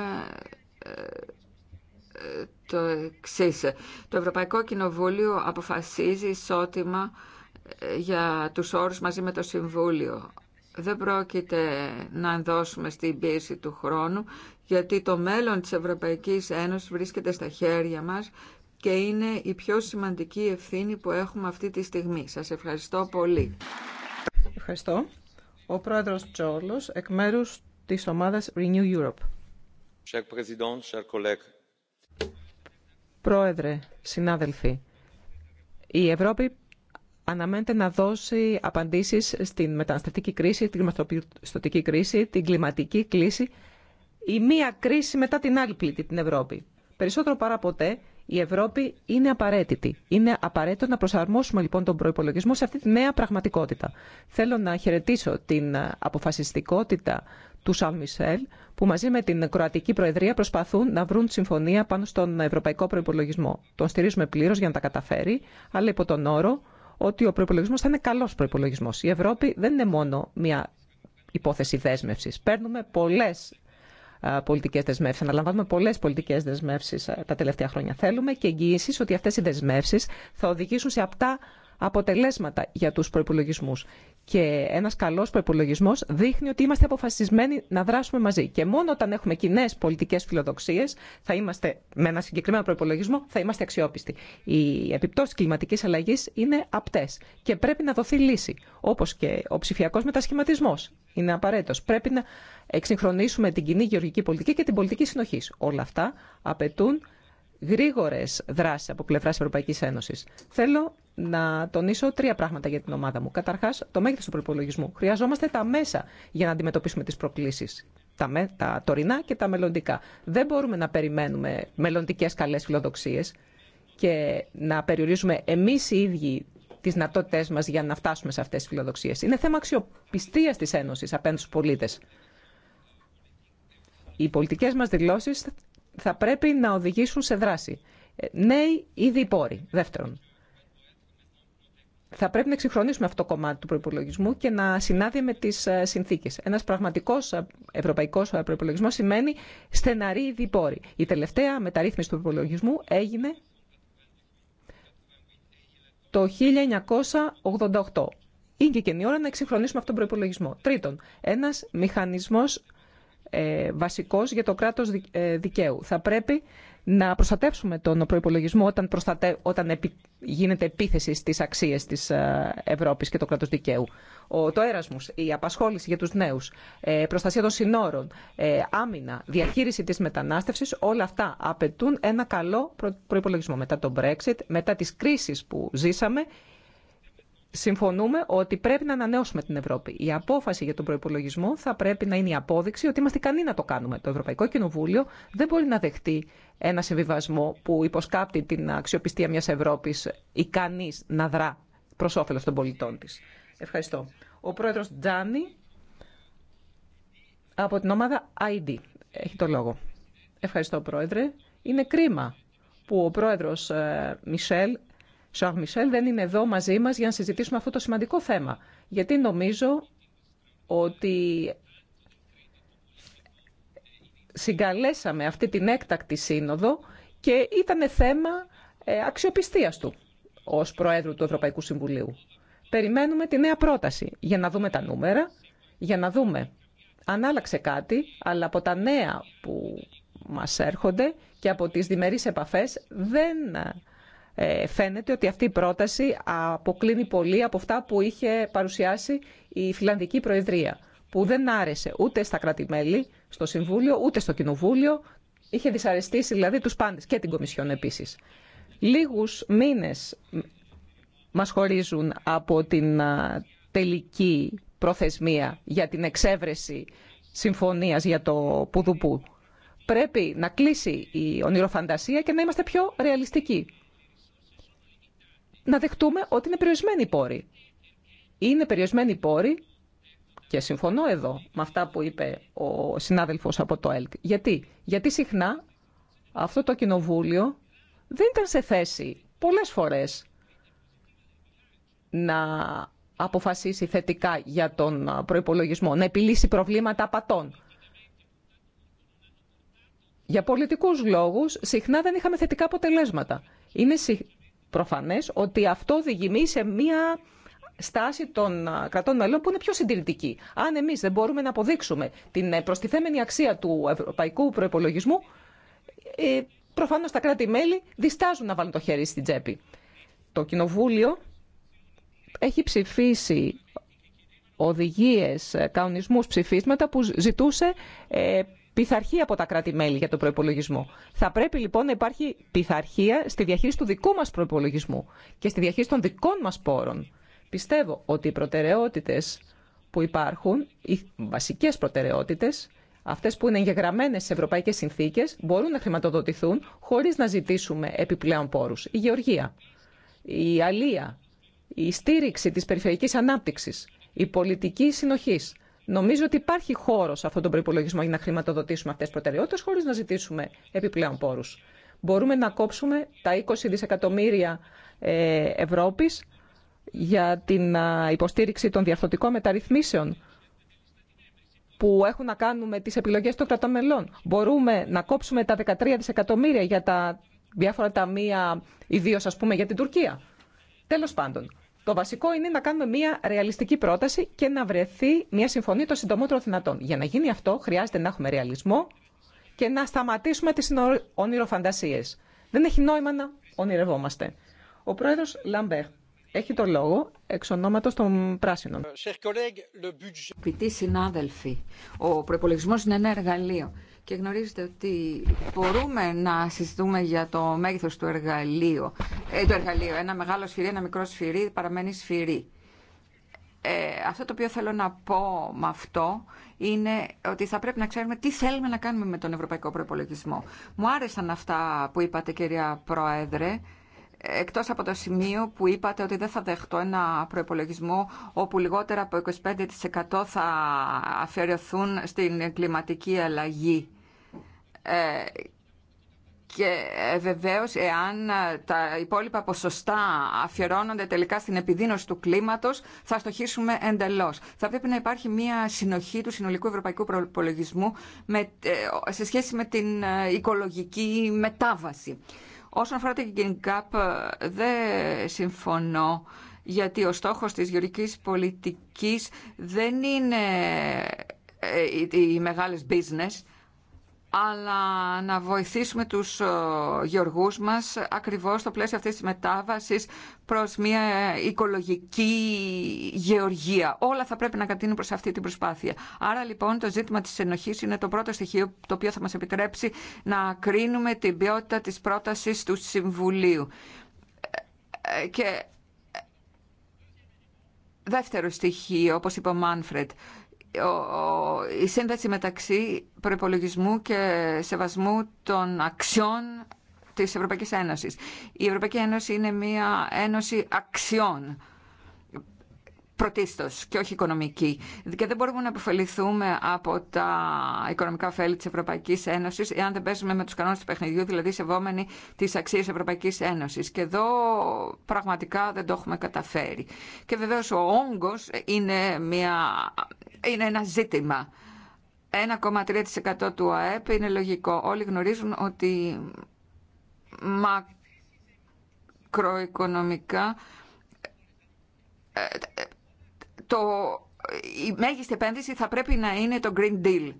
ε, ε, το εξή. Το Ευρωπαϊκό Κοινοβούλιο αποφασίζει ισότιμα για τους όρους μαζί με το Συμβούλιο. Δεν πρόκειται να ενδώσουμε στην πίεση του χρόνου, γιατί το μέλλον της Ευρωπαϊκής Ένωσης βρίσκεται στα χέρια μας και είναι η πιο σημαντική ευθύνη που έχουμε αυτή τη στιγμή. Σας ευχαριστώ πολύ. Ευχαριστώ. Ο πρόεδρος Τζόρλος, εκ μέρους της ομάδας Renew Europe. Πρόεδρε, συνάδελφοι, η Ευρώπη αναμένεται να δώσει απαντήσεις στην μεταναστευτική κρίση, την κλιματοπιστωτική κρίση, την κλιματική κρίση, η μία κρίση μετά την άλλη πλήτη, την Ευρώπη. Περισσότερο παρά ποτέ η Ευρώπη είναι απαραίτητη. Είναι απαραίτητο να προσαρμόσουμε λοιπόν τον προπολογισμό σε αυτή τη νέα πραγματικότητα. Θέλω να χαιρετήσω την αποφασιστικότητα του Σαν Μισελ, που μαζί με την Κροατική Προεδρία προσπαθούν να βρουν συμφωνία πάνω στον ευρωπαϊκό προπολογισμό. Τον στηρίζουμε πλήρω για να τα καταφέρει, αλλά υπό τον όρο ότι ο προπολογισμό θα είναι καλό προπολογισμό. Η Ευρώπη δεν είναι μόνο μια υπόθεση δέσμευση. Παίρνουμε πολλέ πολιτικέ δεσμεύσει. Αναλαμβάνουμε πολλέ πολιτικέ δεσμεύσει τα τελευταία χρόνια. Θέλουμε και εγγυήσει ότι αυτέ οι δεσμεύσει θα οδηγήσουν σε αυτά αποτελέσματα για τους προϋπολογισμούς. Και ένας καλός προϋπολογισμός δείχνει ότι είμαστε αποφασισμένοι να δράσουμε μαζί. Και μόνο όταν έχουμε κοινέ πολιτικές φιλοδοξίες, θα είμαστε, με ένα συγκεκριμένο προϋπολογισμό, θα είμαστε αξιόπιστοι. Οι επιπτώσεις κλιματικής αλλαγής είναι απτές και πρέπει να δοθεί λύση, όπως και ο ψηφιακός μετασχηματισμός. Είναι απαραίτητο. Πρέπει να εξυγχρονίσουμε την κοινή γεωργική πολιτική και την πολιτική συνοχή. Όλα αυτά απαιτούν Γρήγορε δράσει από πλευρά Ευρωπαϊκή Ένωση. Θέλω να τονίσω τρία πράγματα για την ομάδα μου. Καταρχά το μέγεθο του προπολογισμού. Χρειαζόμαστε τα μέσα για να αντιμετωπίσουμε τι προκλήσει. Τα, με, τα τωρινά και τα μελλοντικά. Δεν μπορούμε να περιμένουμε μελλοντικέ καλέ φιλοδοξίε και να περιορίζουμε εμεί οι ίδιοι τι δυνατότητέ μα για να φτάσουμε σε αυτέ τι φιλοδοξίε. Είναι θέμα αξιοπιστία τη Ένωση απέναντι στου πολίτε. Οι πολιτικέ μα δηλώσει θα πρέπει να οδηγήσουν σε δράση. Ε, νέοι ή διπόροι, δεύτερον. Θα πρέπει να εξυγχρονίσουμε αυτό το κομμάτι του προπολογισμού και να συνάδει με τι ε, συνθήκε. Ένα πραγματικό ε, ευρωπαϊκό προπολογισμό σημαίνει στεναρή διποροι Η τελευταία μεταρρύθμιση του προπολογισμού έγινε το 1988. Είναι και η ώρα να εξυγχρονίσουμε αυτόν τον προπολογισμό. Τρίτον, ένα μηχανισμό ε, βασικός για το κράτος ε, δικαίου. Θα πρέπει να προστατεύσουμε τον προπολογισμό όταν, προστατε... όταν γίνεται επίθεση στις αξίες της ε, Ευρώπης και το κράτο δικαίου. Ο... Το έρασμος, η απασχόληση για τους νέους, προστασία των συνόρων, άμυνα, διαχείριση της μετανάστευσης, όλα αυτά απαιτούν ένα καλό προπολογισμό μετά το Brexit, μετά τις κρίσεις που ζήσαμε συμφωνούμε ότι πρέπει να ανανεώσουμε την Ευρώπη. Η απόφαση για τον προπολογισμό θα πρέπει να είναι η απόδειξη ότι είμαστε ικανοί να το κάνουμε. Το Ευρωπαϊκό Κοινοβούλιο δεν μπορεί να δεχτεί ένα συμβιβασμό που υποσκάπτει την αξιοπιστία μια Ευρώπη ικανή να δρά προ όφελο των πολιτών τη. Ευχαριστώ. Ο πρόεδρο Τζάνι από την ομάδα ID. Έχει το λόγο. Ευχαριστώ, πρόεδρε. Είναι κρίμα που ο πρόεδρος ε, Μισελ Σαρ Μισελ δεν είναι εδώ μαζί μας για να συζητήσουμε αυτό το σημαντικό θέμα. Γιατί νομίζω ότι συγκαλέσαμε αυτή την έκτακτη σύνοδο και ήταν θέμα ε, αξιοπιστίας του ως Προέδρου του Ευρωπαϊκού Συμβουλίου. Περιμένουμε τη νέα πρόταση για να δούμε τα νούμερα, για να δούμε αν άλλαξε κάτι, αλλά από τα νέα που μας έρχονται και από τις διμερείς επαφές δεν ε, φαίνεται ότι αυτή η πρόταση αποκλίνει πολύ από αυτά που είχε παρουσιάσει η Φιλανδική Προεδρία, που δεν άρεσε ούτε στα κρατημέλη, στο Συμβούλιο, ούτε στο Κοινοβούλιο. Είχε δυσαρεστήσει δηλαδή τους πάντες και την Κομισιόν επίσης. Λίγους μήνες μας χωρίζουν από την τελική προθεσμία για την εξέβρεση συμφωνίας για το Πουδουπού. Πρέπει να κλείσει η ονειροφαντασία και να είμαστε πιο ρεαλιστικοί να δεχτούμε ότι είναι περιορισμένοι οι πόροι. Είναι περιορισμένοι οι πόροι και συμφωνώ εδώ με αυτά που είπε ο συνάδελφος από το ΕΛΚ. Γιατί, Γιατί συχνά αυτό το κοινοβούλιο δεν ήταν σε θέση πολλές φορές να αποφασίσει θετικά για τον προϋπολογισμό, να επιλύσει προβλήματα απατών. Για πολιτικούς λόγους συχνά δεν είχαμε θετικά αποτελέσματα. Είναι προφανές ότι αυτό οδηγεί σε μία στάση των κρατών μελών που είναι πιο συντηρητική. Αν εμείς δεν μπορούμε να αποδείξουμε την ε, προστιθέμενη αξία του ευρωπαϊκού προϋπολογισμού, ε, προφανώς τα κράτη-μέλη διστάζουν να βάλουν το χέρι στην τσέπη. Το Κοινοβούλιο έχει ψηφίσει οδηγίες, ε, κανονισμούς, ψηφίσματα που ζητούσε πειθαρχία από τα κράτη-μέλη για τον προπολογισμό. Θα πρέπει λοιπόν να υπάρχει πειθαρχία στη διαχείριση του δικού μα προπολογισμού και στη διαχείριση των δικών μα πόρων. Πιστεύω ότι οι προτεραιότητε που υπάρχουν, οι βασικέ προτεραιότητε, αυτέ που είναι εγγεγραμμένε σε ευρωπαϊκέ συνθήκε, μπορούν να χρηματοδοτηθούν χωρί να ζητήσουμε επιπλέον πόρου. Η γεωργία, η αλεία, η στήριξη τη περιφερειακή ανάπτυξη, η πολιτική συνοχή. Νομίζω ότι υπάρχει χώρο σε αυτόν τον προπολογισμό για να χρηματοδοτήσουμε αυτέ τι προτεραιότητε χωρί να ζητήσουμε επιπλέον πόρου. Μπορούμε να κόψουμε τα 20 δισεκατομμύρια ε, Ευρώπη για την υποστήριξη των διαρθρωτικών μεταρρυθμίσεων που έχουν να κάνουν με τις επιλογές των κρατών μελών. Μπορούμε να κόψουμε τα 13 δισεκατομμύρια για τα διάφορα ταμεία, ιδίω ας πούμε για την Τουρκία. Τέλος πάντων, το βασικό είναι να κάνουμε μια ρεαλιστική πρόταση και να βρεθεί μια συμφωνία των συντομότερων δυνατών. Για να γίνει αυτό, χρειάζεται να έχουμε ρεαλισμό και να σταματήσουμε τι όνειροφαντασίε. Δεν έχει νόημα να ονειρευόμαστε. Ο πρόεδρο Λαμπέρ έχει το λόγο εξ ονόματο των πράσινων. Πιτή συνάδελφοι, ο προπολογισμό είναι ένα εργαλείο και γνωρίζετε ότι μπορούμε να συζητούμε για το μέγεθος του εργαλείου. Ε, το εργαλείο, ένα μεγάλο σφυρί, ένα μικρό σφυρί, παραμένει σφυρί. Ε, αυτό το οποίο θέλω να πω με αυτό είναι ότι θα πρέπει να ξέρουμε τι θέλουμε να κάνουμε με τον ευρωπαϊκό προπολογισμό. Μου άρεσαν αυτά που είπατε κυρία Πρόεδρε, εκτός από το σημείο που είπατε ότι δεν θα δεχτώ ένα προϋπολογισμό όπου λιγότερα από 25% θα αφαιρεθούν στην κλιματική αλλαγή. Ε, και ε, βεβαίως εάν ε, τα υπόλοιπα ποσοστά αφιερώνονται τελικά στην επιδείνωση του κλίματος θα στοχίσουμε εντελώς. Θα πρέπει να υπάρχει μια συνοχή του συνολικού ευρωπαϊκού προπολογισμού σε σχέση με την οικολογική μετάβαση. Όσον αφορά την ΚΚΑΠ, δεν συμφωνώ γιατί ο στόχος της γεωρικής πολιτικής δεν είναι οι μεγάλες business αλλά να βοηθήσουμε τους ε, γεωργούς μας ακριβώς στο πλαίσιο αυτής της μετάβασης προς μια οικολογική γεωργία. Όλα θα πρέπει να κατείνουν προς αυτή την προσπάθεια. Άρα λοιπόν το ζήτημα της ενοχής είναι το πρώτο στοιχείο το οποίο θα μας επιτρέψει να κρίνουμε την ποιότητα της πρότασης του Συμβουλίου. Ε, ε, και δεύτερο στοιχείο, όπως είπε ο Μάνφρετ, η σύνδεση μεταξύ προπολογισμού και σεβασμού των αξιών της Ευρωπαϊκής Ένωσης. Η Ευρωπαϊκή Ένωση είναι μια ένωση αξιών πρωτίστως και όχι οικονομική. Και δεν μπορούμε να αποφεληθούμε από τα οικονομικά ωφέλη της Ευρωπαϊκής Ένωσης εάν δεν παίζουμε με τους κανόνες του παιχνιδιού, δηλαδή σεβόμενοι τις αξίες της Ευρωπαϊκής Ένωσης. Και εδώ πραγματικά δεν το έχουμε καταφέρει. Και βεβαίως ο όγκος είναι μια είναι ένα ζήτημα. 1,3% του ΑΕΠ είναι λογικό. Όλοι γνωρίζουν ότι μακροοικονομικά ε, ε, το, η μέγιστη επένδυση θα πρέπει να είναι το Green Deal.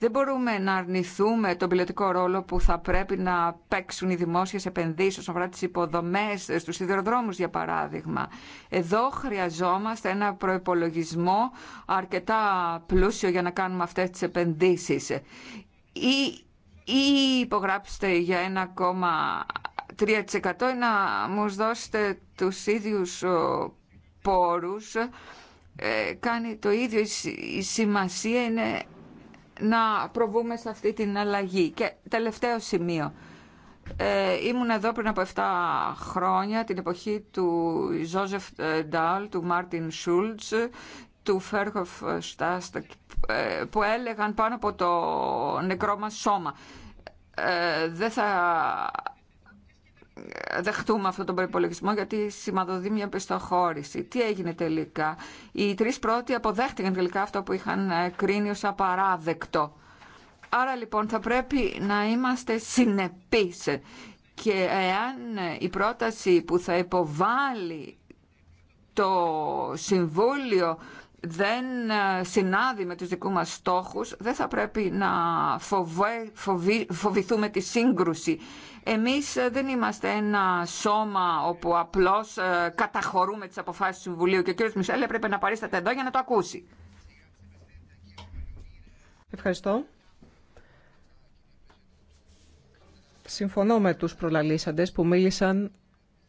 Δεν μπορούμε να αρνηθούμε τον πιλωτικό ρόλο που θα πρέπει να παίξουν οι δημόσιες επενδύσεις όσον αφορά τις υποδομές, στους σιδηροδρόμους για παράδειγμα. Εδώ χρειαζόμαστε ένα προϋπολογισμό αρκετά πλούσιο για να κάνουμε αυτές τις επενδύσεις. Ή, ή υπογράψτε για ένα ακόμα 3% ή να μου δώσετε τους ίδιους πόρους. Ε, κάνει το ίδιο, η σημασία είναι να προβούμε σε αυτή την αλλαγή. Και τελευταίο σημείο. Ε, ήμουν εδώ πριν από 7 χρόνια, την εποχή του Ζόζεφ Ντάλ, του Μάρτιν Σούλτς, του Φέρχοφ ε, Στάστ, ε, που έλεγαν πάνω από το νεκρό μας σώμα. Ε, δεν θα δεχτούμε αυτόν τον προπολογισμό γιατί σημαδοδεί μια πιστοχώρηση. Τι έγινε τελικά. Οι τρεις πρώτοι αποδέχτηκαν τελικά αυτό που είχαν ε, κρίνει ως απαράδεκτο. Άρα λοιπόν θα πρέπει να είμαστε συνεπείς και εάν η πρόταση που θα υποβάλει το Συμβούλιο δεν ε, συνάδει με τους δικούς μας στόχους, δεν θα πρέπει να φοβε, φοβηθούμε τη σύγκρουση. Εμείς ε, δεν είμαστε ένα σώμα όπου απλώς ε, καταχωρούμε τις αποφάσεις του Συμβουλίου και ο κύριος Μισελ έπρεπε να παρίσταται εδώ για να το ακούσει. Ευχαριστώ. Συμφωνώ με τους προλαλήσαντες που μίλησαν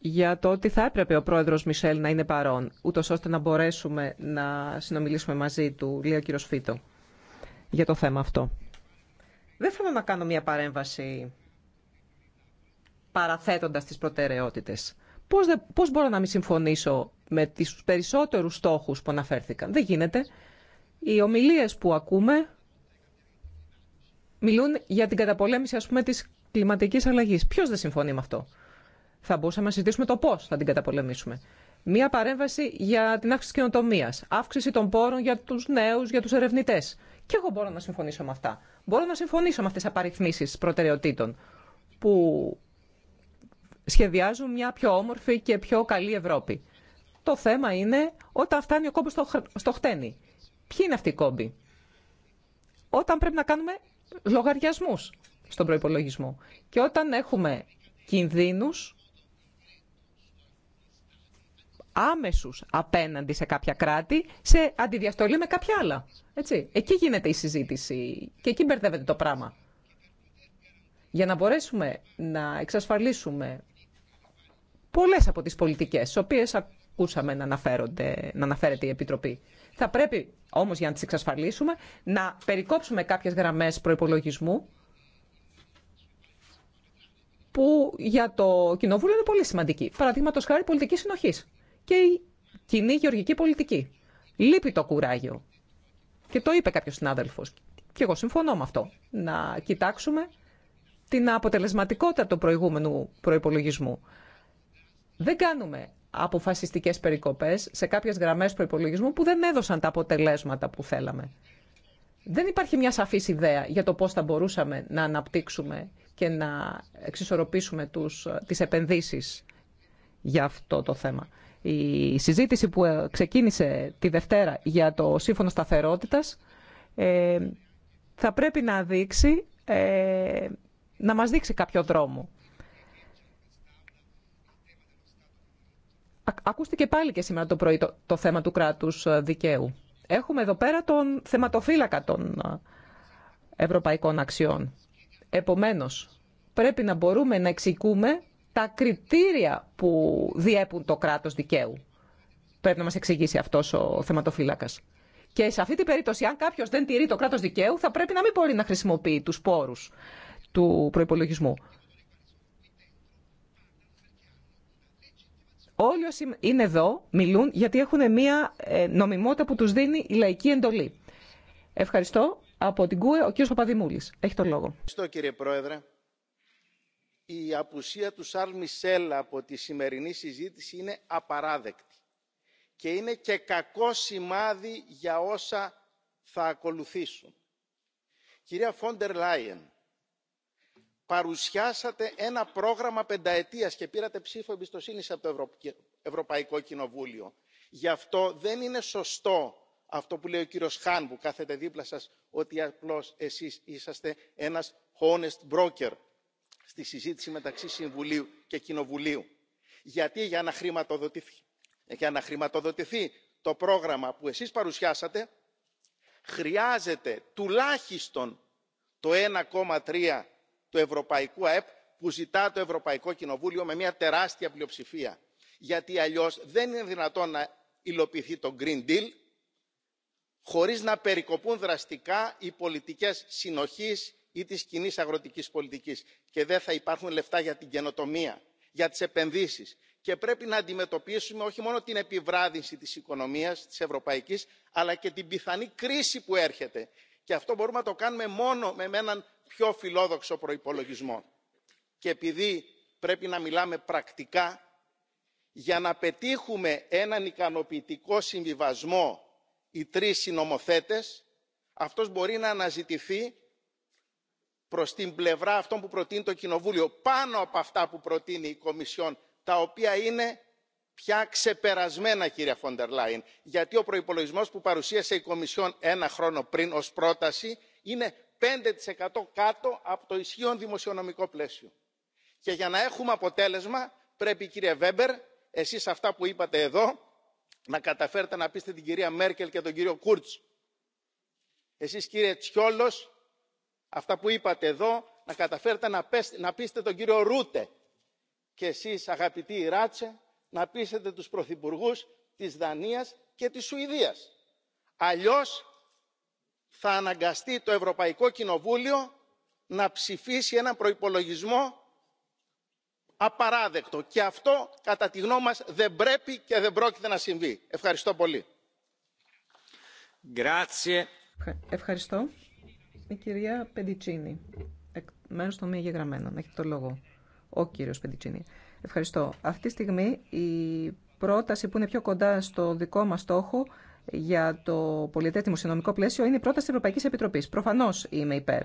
για το ότι θα έπρεπε ο πρόεδρο Μισελ να είναι παρόν, ούτω ώστε να μπορέσουμε να συνομιλήσουμε μαζί του, λέει ο κύριο Φίτο, για το θέμα αυτό. Δεν θέλω να κάνω μια παρέμβαση παραθέτοντας τις προτεραιότητες. Πώς, μπορώ να μην συμφωνήσω με τις περισσότερους στόχους που αναφέρθηκαν. Δεν γίνεται. Οι ομιλίε που ακούμε μιλούν για την καταπολέμηση, α πούμε, της κλιματικής αλλαγής. Ποιος δεν συμφωνεί με αυτό θα μπορούσαμε να συζητήσουμε το πώ θα την καταπολεμήσουμε. Μία παρέμβαση για την αύξηση τη καινοτομία, αύξηση των πόρων για του νέου, για του ερευνητέ. Και εγώ μπορώ να συμφωνήσω με αυτά. Μπορώ να συμφωνήσω με αυτέ τι απαριθμίσει προτεραιοτήτων που σχεδιάζουν μια πιο όμορφη και πιο καλή Ευρώπη. Το θέμα είναι όταν φτάνει ο κόμπο στο χτένι. Ποιοι είναι αυτοί οι κόμποι. Όταν πρέπει να κάνουμε λογαριασμού στον προπολογισμό. Και όταν έχουμε κινδύνους άμεσους απέναντι σε κάποια κράτη σε αντιδιαστολή με κάποια άλλα. Έτσι. Εκεί γίνεται η συζήτηση και εκεί μπερδεύεται το πράγμα. Για να μπορέσουμε να εξασφαλίσουμε πολλές από τις πολιτικές, τις οποίες ακούσαμε να, αναφέρονται, να αναφέρεται η Επιτροπή. Θα πρέπει όμως για να τις εξασφαλίσουμε να περικόψουμε κάποιες γραμμές προϋπολογισμού που για το Κοινοβούλιο είναι πολύ σημαντική. Παραδείγματο χάρη πολιτική συνοχή και η κοινή γεωργική πολιτική. Λείπει το κουράγιο. Και το είπε κάποιο συνάδελφο. Και εγώ συμφωνώ με αυτό. Να κοιτάξουμε την αποτελεσματικότητα του προηγούμενου προπολογισμού. Δεν κάνουμε αποφασιστικές περικοπές σε κάποιες γραμμές προϋπολογισμού που δεν έδωσαν τα αποτελέσματα που θέλαμε. Δεν υπάρχει μια σαφής ιδέα για το πώς θα μπορούσαμε να αναπτύξουμε και να εξισορροπήσουμε τους, τις επενδύσεις για αυτό το θέμα. Η συζήτηση που ε, ξεκίνησε τη Δευτέρα για το Σύμφωνο Σταθερότητας ε, θα πρέπει να δείξει, ε, να μας δείξει κάποιο δρόμο. Ακούστηκε πάλι και σήμερα το πρωί το, θέμα του κράτους δικαίου. Έχουμε εδώ πέρα τον θεματοφύλακα των ευρωπαϊκών αξιών. Επομένως, πρέπει να μπορούμε να εξηγούμε τα κριτήρια που διέπουν το κράτος δικαίου. Πρέπει να μας εξηγήσει αυτός ο θεματοφύλακας. Και σε αυτή την περίπτωση, αν κάποιος δεν τηρεί το κράτος δικαίου, θα πρέπει να μην μπορεί να χρησιμοποιεί τους πόρους του προϋπολογισμού. Όλοι όσοι είναι εδώ μιλούν γιατί έχουν μια ε, νομιμότητα που τους δίνει η λαϊκή εντολή. Ευχαριστώ. Από την ΚΟΕ ο κ. Παπαδημούλης. Έχει το λόγο. Ευχαριστώ κύριε Πρόεδρε η απουσία του Σαρλ Μισελ από τη σημερινή συζήτηση είναι απαράδεκτη και είναι και κακό σημάδι για όσα θα ακολουθήσουν. Κυρία Φόντερ Λάιεν, παρουσιάσατε ένα πρόγραμμα πενταετίας και πήρατε ψήφο εμπιστοσύνης από το Ευρωπαϊκό Κοινοβούλιο. Γι' αυτό δεν είναι σωστό αυτό που λέει ο κύριος Χάν που κάθεται δίπλα σας ότι απλώς εσείς είσαστε ένας honest broker στη συζήτηση μεταξύ Συμβουλίου και Κοινοβουλίου. Γιατί για να χρηματοδοτηθεί, το πρόγραμμα που εσείς παρουσιάσατε, χρειάζεται τουλάχιστον το 1,3 του Ευρωπαϊκού ΑΕΠ που ζητά το Ευρωπαϊκό Κοινοβούλιο με μια τεράστια πλειοψηφία. Γιατί αλλιώς δεν είναι δυνατόν να υλοποιηθεί το Green Deal χωρίς να περικοπούν δραστικά οι πολιτικές συνοχής ή της κοινή αγροτικής πολιτικής και δεν θα υπάρχουν λεφτά για την καινοτομία για τις επενδύσεις και πρέπει να αντιμετωπίσουμε όχι μόνο την επιβράδυνση της οικονομίας της ευρωπαϊκής αλλά και την πιθανή κρίση που έρχεται και αυτό μπορούμε να το κάνουμε μόνο με έναν πιο φιλόδοξο προπολογισμό. και επειδή πρέπει να μιλάμε πρακτικά για να πετύχουμε έναν ικανοποιητικό συμβιβασμό οι τρεις συνομοθέτες αυτός μπορεί να αναζητηθεί προς την πλευρά αυτών που προτείνει το κοινοβούλιο πάνω από αυτά που προτείνει η κομισιόν τα οποία είναι πια ξεπερασμένα κυρία φοντερ λάιεν γιατί ο προϋπολογισμός που παρουσίασε η κομισιόν ένα χρόνο πριν ως πρόταση είναι 5% κάτω από το ισχύον δημοσιονομικό πλαίσιο. Και για να έχουμε αποτέλεσμα πρέπει κύριε Βέμπερ εσείς αυτά που είπατε εδώ να καταφέρετε να πείστε την κυρία Μέρκελ και τον κύριο Κούρτς. Εσεί, κύριε Τσιόλο, αυτά που είπατε εδώ να καταφέρετε να πείσετε τον κύριο ρούτε και εσείς αγαπητοί ράτσε να πείσετε τους Πρωθυπουργού της δανίας και της σουηδίας. αλλιώς θα αναγκαστεί το ευρωπαϊκό κοινοβούλιο να ψηφίσει ένα προϋπολογισμό απαράδεκτο και αυτό κατά τη γνώμη μας δεν πρέπει και δεν πρόκειται να συμβεί. ευχαριστώ πολύ. Ευχαριστώ η κυρία Πεντιτσίνη, εκ των μη εγγεγραμμένων. Έχετε το λόγο. Ο κύριος Πεντιτσίνη. Ευχαριστώ. Αυτή τη στιγμή η πρόταση που είναι πιο κοντά στο δικό μας στόχο για το πολιτεύτημο συνομικό πλαίσιο είναι η πρόταση τη Ευρωπαϊκής Επιτροπής. Προφανώς είμαι υπέρ.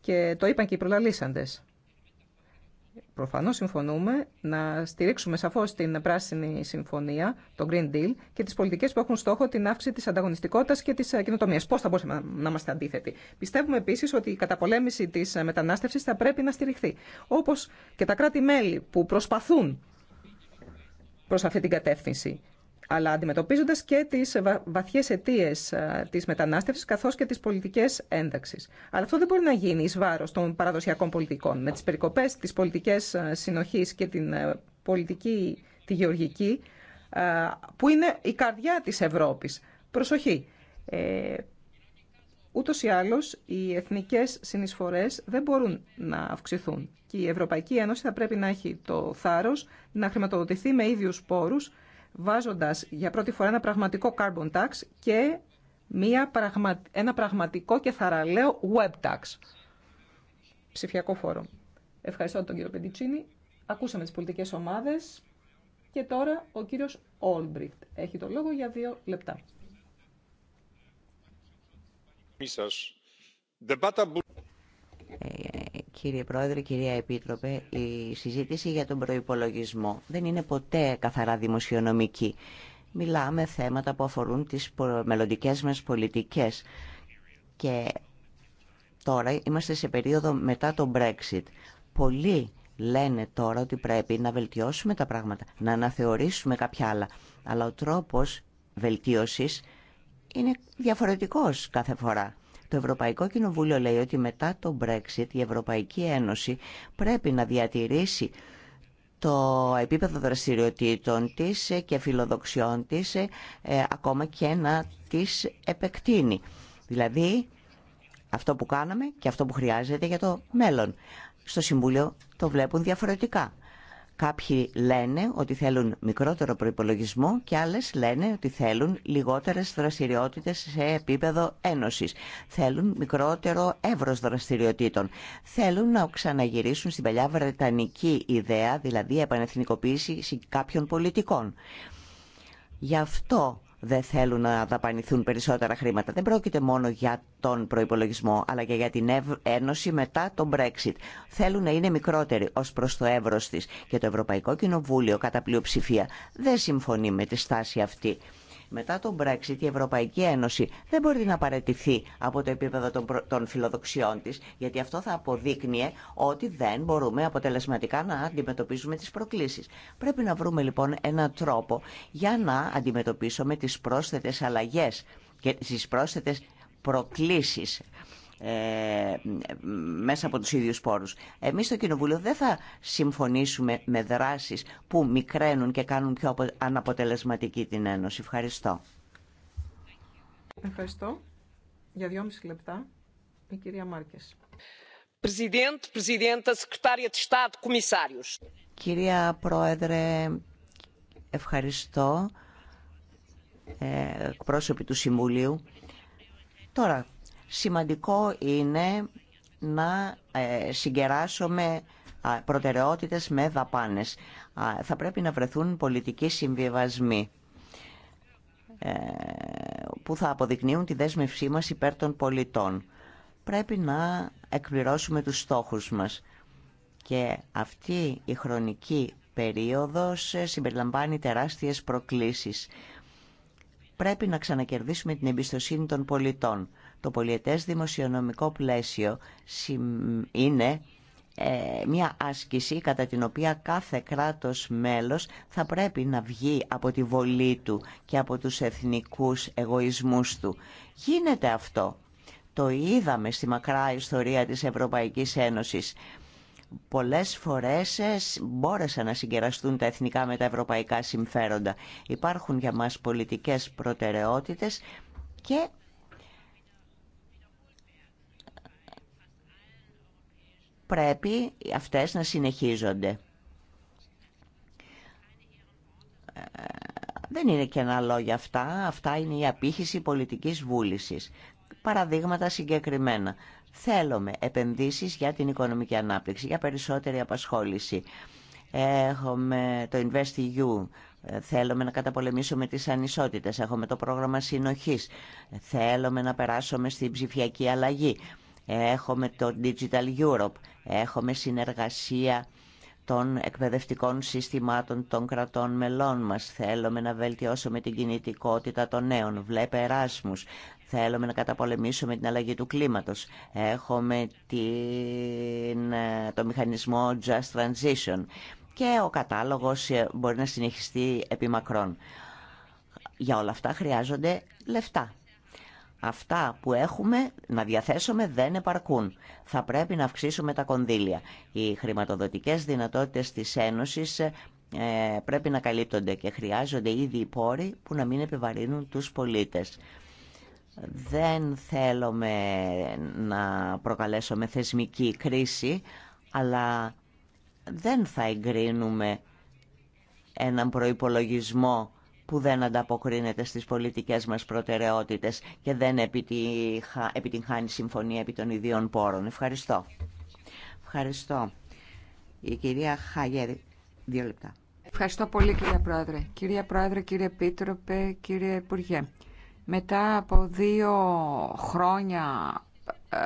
Και το είπαν και οι προλαλήσαντες προφανώς συμφωνούμε να στηρίξουμε σαφώς την Πράσινη Συμφωνία, τον Green Deal και τις πολιτικές που έχουν στόχο την αύξηση της ανταγωνιστικότητας και της ε, κοινοτομίας. Πώς θα μπορούσαμε να είμαστε αντίθετοι. Πιστεύουμε επίσης ότι η καταπολέμηση της ε, μετανάστευσης θα πρέπει να στηριχθεί. Όπως και τα κράτη-μέλη που προσπαθούν προς αυτή την κατεύθυνση αλλά αντιμετωπίζοντας και τις βαθιές αιτίες της μετανάστευσης καθώς και τις πολιτικές ένταξης. Αλλά αυτό δεν μπορεί να γίνει εις βάρος των παραδοσιακών πολιτικών. Με τις περικοπές της πολιτικής συνοχής και την ε, πολιτική, τη γεωργική, που είναι η καρδιά της Ευρώπης. Προσοχή. Ε, ούτως ή άλλως, οι εθνικές συνεισφορές δεν μπορούν να αυξηθούν. Και η Ευρωπαϊκή Ένωση θα πρέπει να έχει το θάρρος να χρηματοδοτηθεί με ίδιους πόρους βάζοντας για πρώτη φορά ένα πραγματικό carbon tax και μια ένα πραγματικό και θαραλέο web tax, ψηφιακό φόρο. Ευχαριστώ τον κύριο Πεντιτσίνη. Ακούσαμε τις πολιτικές ομάδες και τώρα ο κύριος Όλμπριχτ έχει το λόγο για δύο λεπτά. Κύριε Πρόεδρε, κυρία Επίτροπε, η συζήτηση για τον προϋπολογισμό δεν είναι ποτέ καθαρά δημοσιονομική. Μιλάμε θέματα που αφορούν τις μελλοντικές μας πολιτικές και τώρα είμαστε σε περίοδο μετά τον Brexit. Πολλοί λένε τώρα ότι πρέπει να βελτιώσουμε τα πράγματα, να αναθεωρήσουμε κάποια άλλα. Αλλά ο τρόπος βελτίωσης είναι διαφορετικός κάθε φορά. Το Ευρωπαϊκό Κοινοβούλιο λέει ότι μετά το Brexit η Ευρωπαϊκή Ένωση πρέπει να διατηρήσει το επίπεδο δραστηριοτήτων της και φιλοδοξιών της ε, ακόμα και να τις επεκτείνει. Δηλαδή αυτό που κάναμε και αυτό που χρειάζεται για το μέλλον. Στο Συμβούλιο το βλέπουν διαφορετικά. Κάποιοι λένε ότι θέλουν μικρότερο προϋπολογισμό και άλλες λένε ότι θέλουν λιγότερες δραστηριότητες σε επίπεδο ένωσης. Θέλουν μικρότερο εύρος δραστηριοτήτων. Θέλουν να ξαναγυρίσουν στην παλιά βρετανική ιδέα, δηλαδή επανεθνικοποίηση κάποιων πολιτικών. Γι' αυτό δεν θέλουν να δαπανηθούν περισσότερα χρήματα. Δεν πρόκειται μόνο για τον προϋπολογισμό, αλλά και για την Ένωση μετά τον Brexit. Θέλουν να είναι μικρότεροι ως προς το εύρος της. Και το Ευρωπαϊκό Κοινοβούλιο, κατά πλειοψηφία, δεν συμφωνεί με τη στάση αυτή. Μετά τον Brexit η Ευρωπαϊκή Ένωση δεν μπορεί να παραιτηθεί από το επίπεδο των φιλοδοξιών της, γιατί αυτό θα αποδείκνυε ότι δεν μπορούμε αποτελεσματικά να αντιμετωπίζουμε τις προκλήσεις. Πρέπει να βρούμε λοιπόν έναν τρόπο για να αντιμετωπίσουμε τις πρόσθετες αλλαγές και τις πρόσθετες προκλήσεις ε, μέσα από τους ίδιους πόρους. Εμείς στο Κοινοβούλιο δεν θα συμφωνήσουμε με δράσεις που μικραίνουν και κάνουν πιο αναποτελεσματική την Ένωση. Ευχαριστώ. Ευχαριστώ. Για δυόμιση λεπτά η κυρία Μάρκες. Κυρία Πρόεδρε, ευχαριστώ. Ε, πρόσωποι του Συμβουλίου. Τώρα, Σημαντικό είναι να ε, συγκεράσουμε προτεραιότητες με δαπάνες. Θα πρέπει να βρεθούν πολιτικοί συμβιβασμοί ε, που θα αποδεικνύουν τη δέσμευσή μας υπέρ των πολιτών. Πρέπει να εκπληρώσουμε τους στόχους μας. Και αυτή η χρονική περίοδος ε, συμπεριλαμβάνει τεράστιες προκλήσεις. Πρέπει να ξανακερδίσουμε την εμπιστοσύνη των πολιτών. Το πολιετές δημοσιονομικό πλαίσιο είναι ε, μια άσκηση κατά την οποία κάθε κράτος μέλος θα πρέπει να βγει από τη βολή του και από τους εθνικούς εγωισμούς του. Γίνεται αυτό. Το είδαμε στη μακρά ιστορία της Ευρωπαϊκής Ένωσης. Πολλές φορές ε, μπόρεσαν να συγκεραστούν τα εθνικά με τα ευρωπαϊκά συμφέροντα. Υπάρχουν για μας πολιτικές προτεραιότητες και πρέπει αυτές να συνεχίζονται. Ε, δεν είναι κενά λόγια αυτά. Αυτά είναι η απήχηση πολιτικής βούλησης. Παραδείγματα συγκεκριμένα. Θέλουμε επενδύσεις για την οικονομική ανάπτυξη, για περισσότερη απασχόληση. Έχουμε το InvestEU, θέλουμε να καταπολεμήσουμε τις ανισότητες, έχουμε το πρόγραμμα συνοχής, θέλουμε να περάσουμε στην ψηφιακή αλλαγή, έχουμε το Digital Europe, Έχουμε συνεργασία των εκπαιδευτικών συστημάτων των κρατών μελών μας. Θέλουμε να βελτιώσουμε την κινητικότητα των νέων. Βλέπε Εράσμους. Θέλουμε να καταπολεμήσουμε την αλλαγή του κλίματος. Έχουμε ε, το μηχανισμό Just Transition. Και ο κατάλογος ε, μπορεί να συνεχιστεί επί μακρόν. Για όλα αυτά χρειάζονται λεφτά. Αυτά που έχουμε να διαθέσουμε δεν επαρκούν. Θα πρέπει να αυξήσουμε τα κονδύλια. Οι χρηματοδοτικές δυνατότητες της Ένωσης ε, πρέπει να καλύπτονται και χρειάζονται ήδη οι πόροι που να μην επιβαρύνουν τους πολίτες. Δεν θέλουμε να προκαλέσουμε θεσμική κρίση, αλλά δεν θα εγκρίνουμε έναν προϋπολογισμό που δεν ανταποκρίνεται στις πολιτικές μας προτεραιότητες και δεν επιτυγχάνει συμφωνία επί των ιδίων πόρων. Ευχαριστώ. Ευχαριστώ. Η κυρία Χαγέρη, δύο λεπτά. Ευχαριστώ πολύ κυρία Πρόεδρε. Κυρία Πρόεδρε, κύριε Πίτροπε, κύριε Υπουργέ. Μετά από δύο χρόνια ε,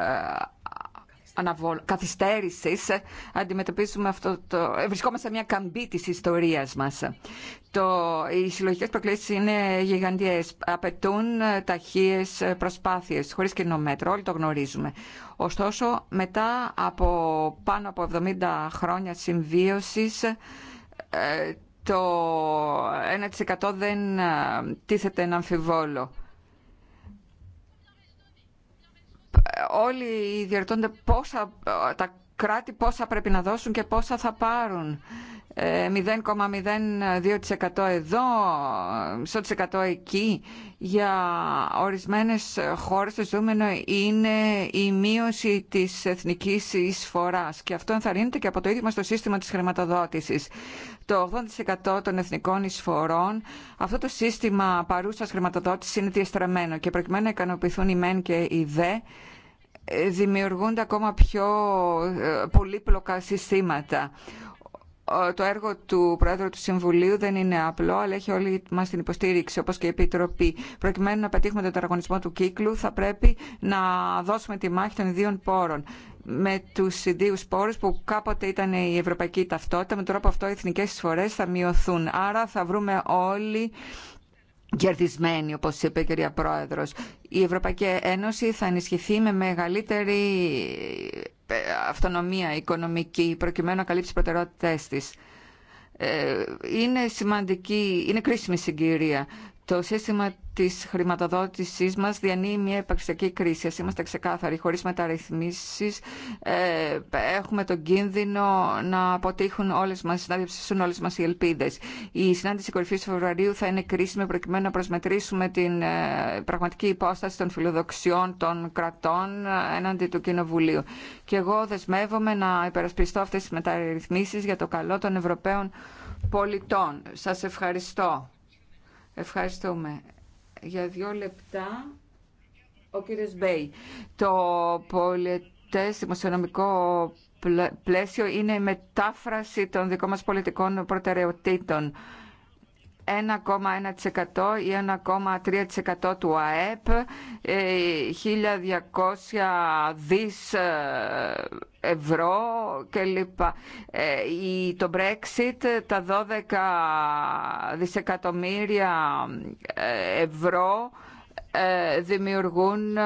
αναβολ... καθυστέρησης αντιμετωπίζουμε αυτό το... Ε, βρισκόμαστε σε μια καμπή της ιστορίας μας. Το... Οι συλλογικές προκλήσεις είναι γιγαντιές. Απαιτούν ε, ταχείες ε, προσπάθειες, χωρίς κοινό μέτρο, όλοι το γνωρίζουμε. Ωστόσο, μετά από πάνω από 70 χρόνια συμβίωσης, το 1% δεν τίθεται ένα αμφιβόλο. όλοι διαρωτώνται πόσα τα κράτη πόσα πρέπει να δώσουν και πόσα θα πάρουν. 0,02% ε, εδώ, εκατό εκεί. Για ορισμένες χώρες το ζούμενο είναι η μείωση της εθνικής εισφοράς και αυτό ενθαρρύνεται και από το ίδιο μας το σύστημα της χρηματοδότησης. Το 80% των εθνικών εισφορών, αυτό το σύστημα παρούσας χρηματοδότησης είναι διαστραμμένο. και προκειμένου να ικανοποιηθούν οι μεν και οι δε, ε, δημιουργούνται ακόμα πιο ε, πολύπλοκα συστήματα. Το έργο του Πρόεδρου του Συμβουλίου δεν είναι απλό, αλλά έχει όλη μα την υποστήριξη, όπω και η Επιτροπή. Προκειμένου να πετύχουμε τον τεραγωνισμό του κύκλου, θα πρέπει να δώσουμε τη μάχη των ιδίων πόρων. Με του ιδίου πόρου που κάποτε ήταν η ευρωπαϊκή ταυτότητα, με τον τρόπο αυτό οι εθνικέ εισφορέ θα μειωθούν. Άρα θα βρούμε όλοι κερδισμένη, όπω είπε η κυρία Πρόεδρο, Η Ευρωπαϊκή Ένωση θα ενισχυθεί με μεγαλύτερη ε, αυτονομία οικονομική, προκειμένου να καλύψει προτεραιότητές της. Ε, είναι σημαντική, είναι κρίσιμη συγκυρία το σύστημα τη χρηματοδότησή μα διανύει μια επαξιακή κρίση. Ας είμαστε ξεκάθαροι, χωρί μεταρρυθμίσει. Ε, έχουμε τον κίνδυνο να αποτύχουν όλες μας, να όλε όλες μας οι ελπίδες. Η συνάντηση κορυφής Φεβρουαρίου θα είναι κρίσιμη προκειμένου να προσμετρήσουμε την ε, πραγματική υπόσταση των φιλοδοξιών των κρατών ε, έναντι του Κοινοβουλίου. Και εγώ δεσμεύομαι να υπερασπιστώ αυτέ τι μεταρρυθμίσει για το καλό των Ευρωπαίων πολιτών. Σα ευχαριστώ. Ευχαριστούμε. Για δύο λεπτά, ο κύριος Μπέι. Το πολιτές δημοσιονομικό πλαίσιο είναι η μετάφραση των δικών μας πολιτικών προτεραιοτήτων. 1,1% ή 1,3% του ΑΕΠ, 1.200 ε, δις ε, ευρώ κλπ. Ε, το Brexit, τα 12 δισεκατομμύρια ευρώ δημιουργούν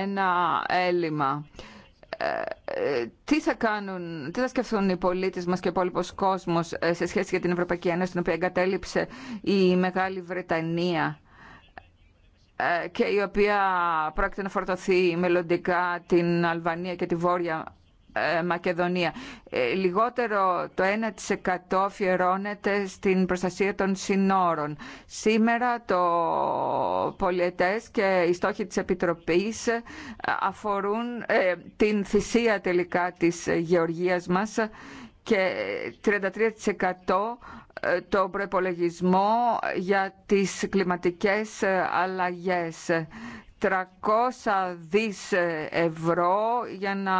ένα έλλειμμα. Ε, τι θα κάνουν, τι θα σκεφτούν οι πολίτες μας και ο υπόλοιπο κόσμος ε, σε σχέση με την Ευρωπαϊκή Ένωση, την οποία εγκατέλειψε η Μεγάλη Βρετανία ε, και η οποία πρόκειται να φορτωθεί μελλοντικά την Αλβανία και τη Βόρεια ε, Μακεδονία. Ε, λιγότερο το 1% αφιερώνεται στην προστασία των συνόρων. Σήμερα το πολιτές και οι στόχοι της Επιτροπής ε, αφορούν την θυσία τελικά της γεωργίας μας και 33% το προπολογισμό για τις κλιματικές αλλαγές. 300 δις ε, ευρώ για να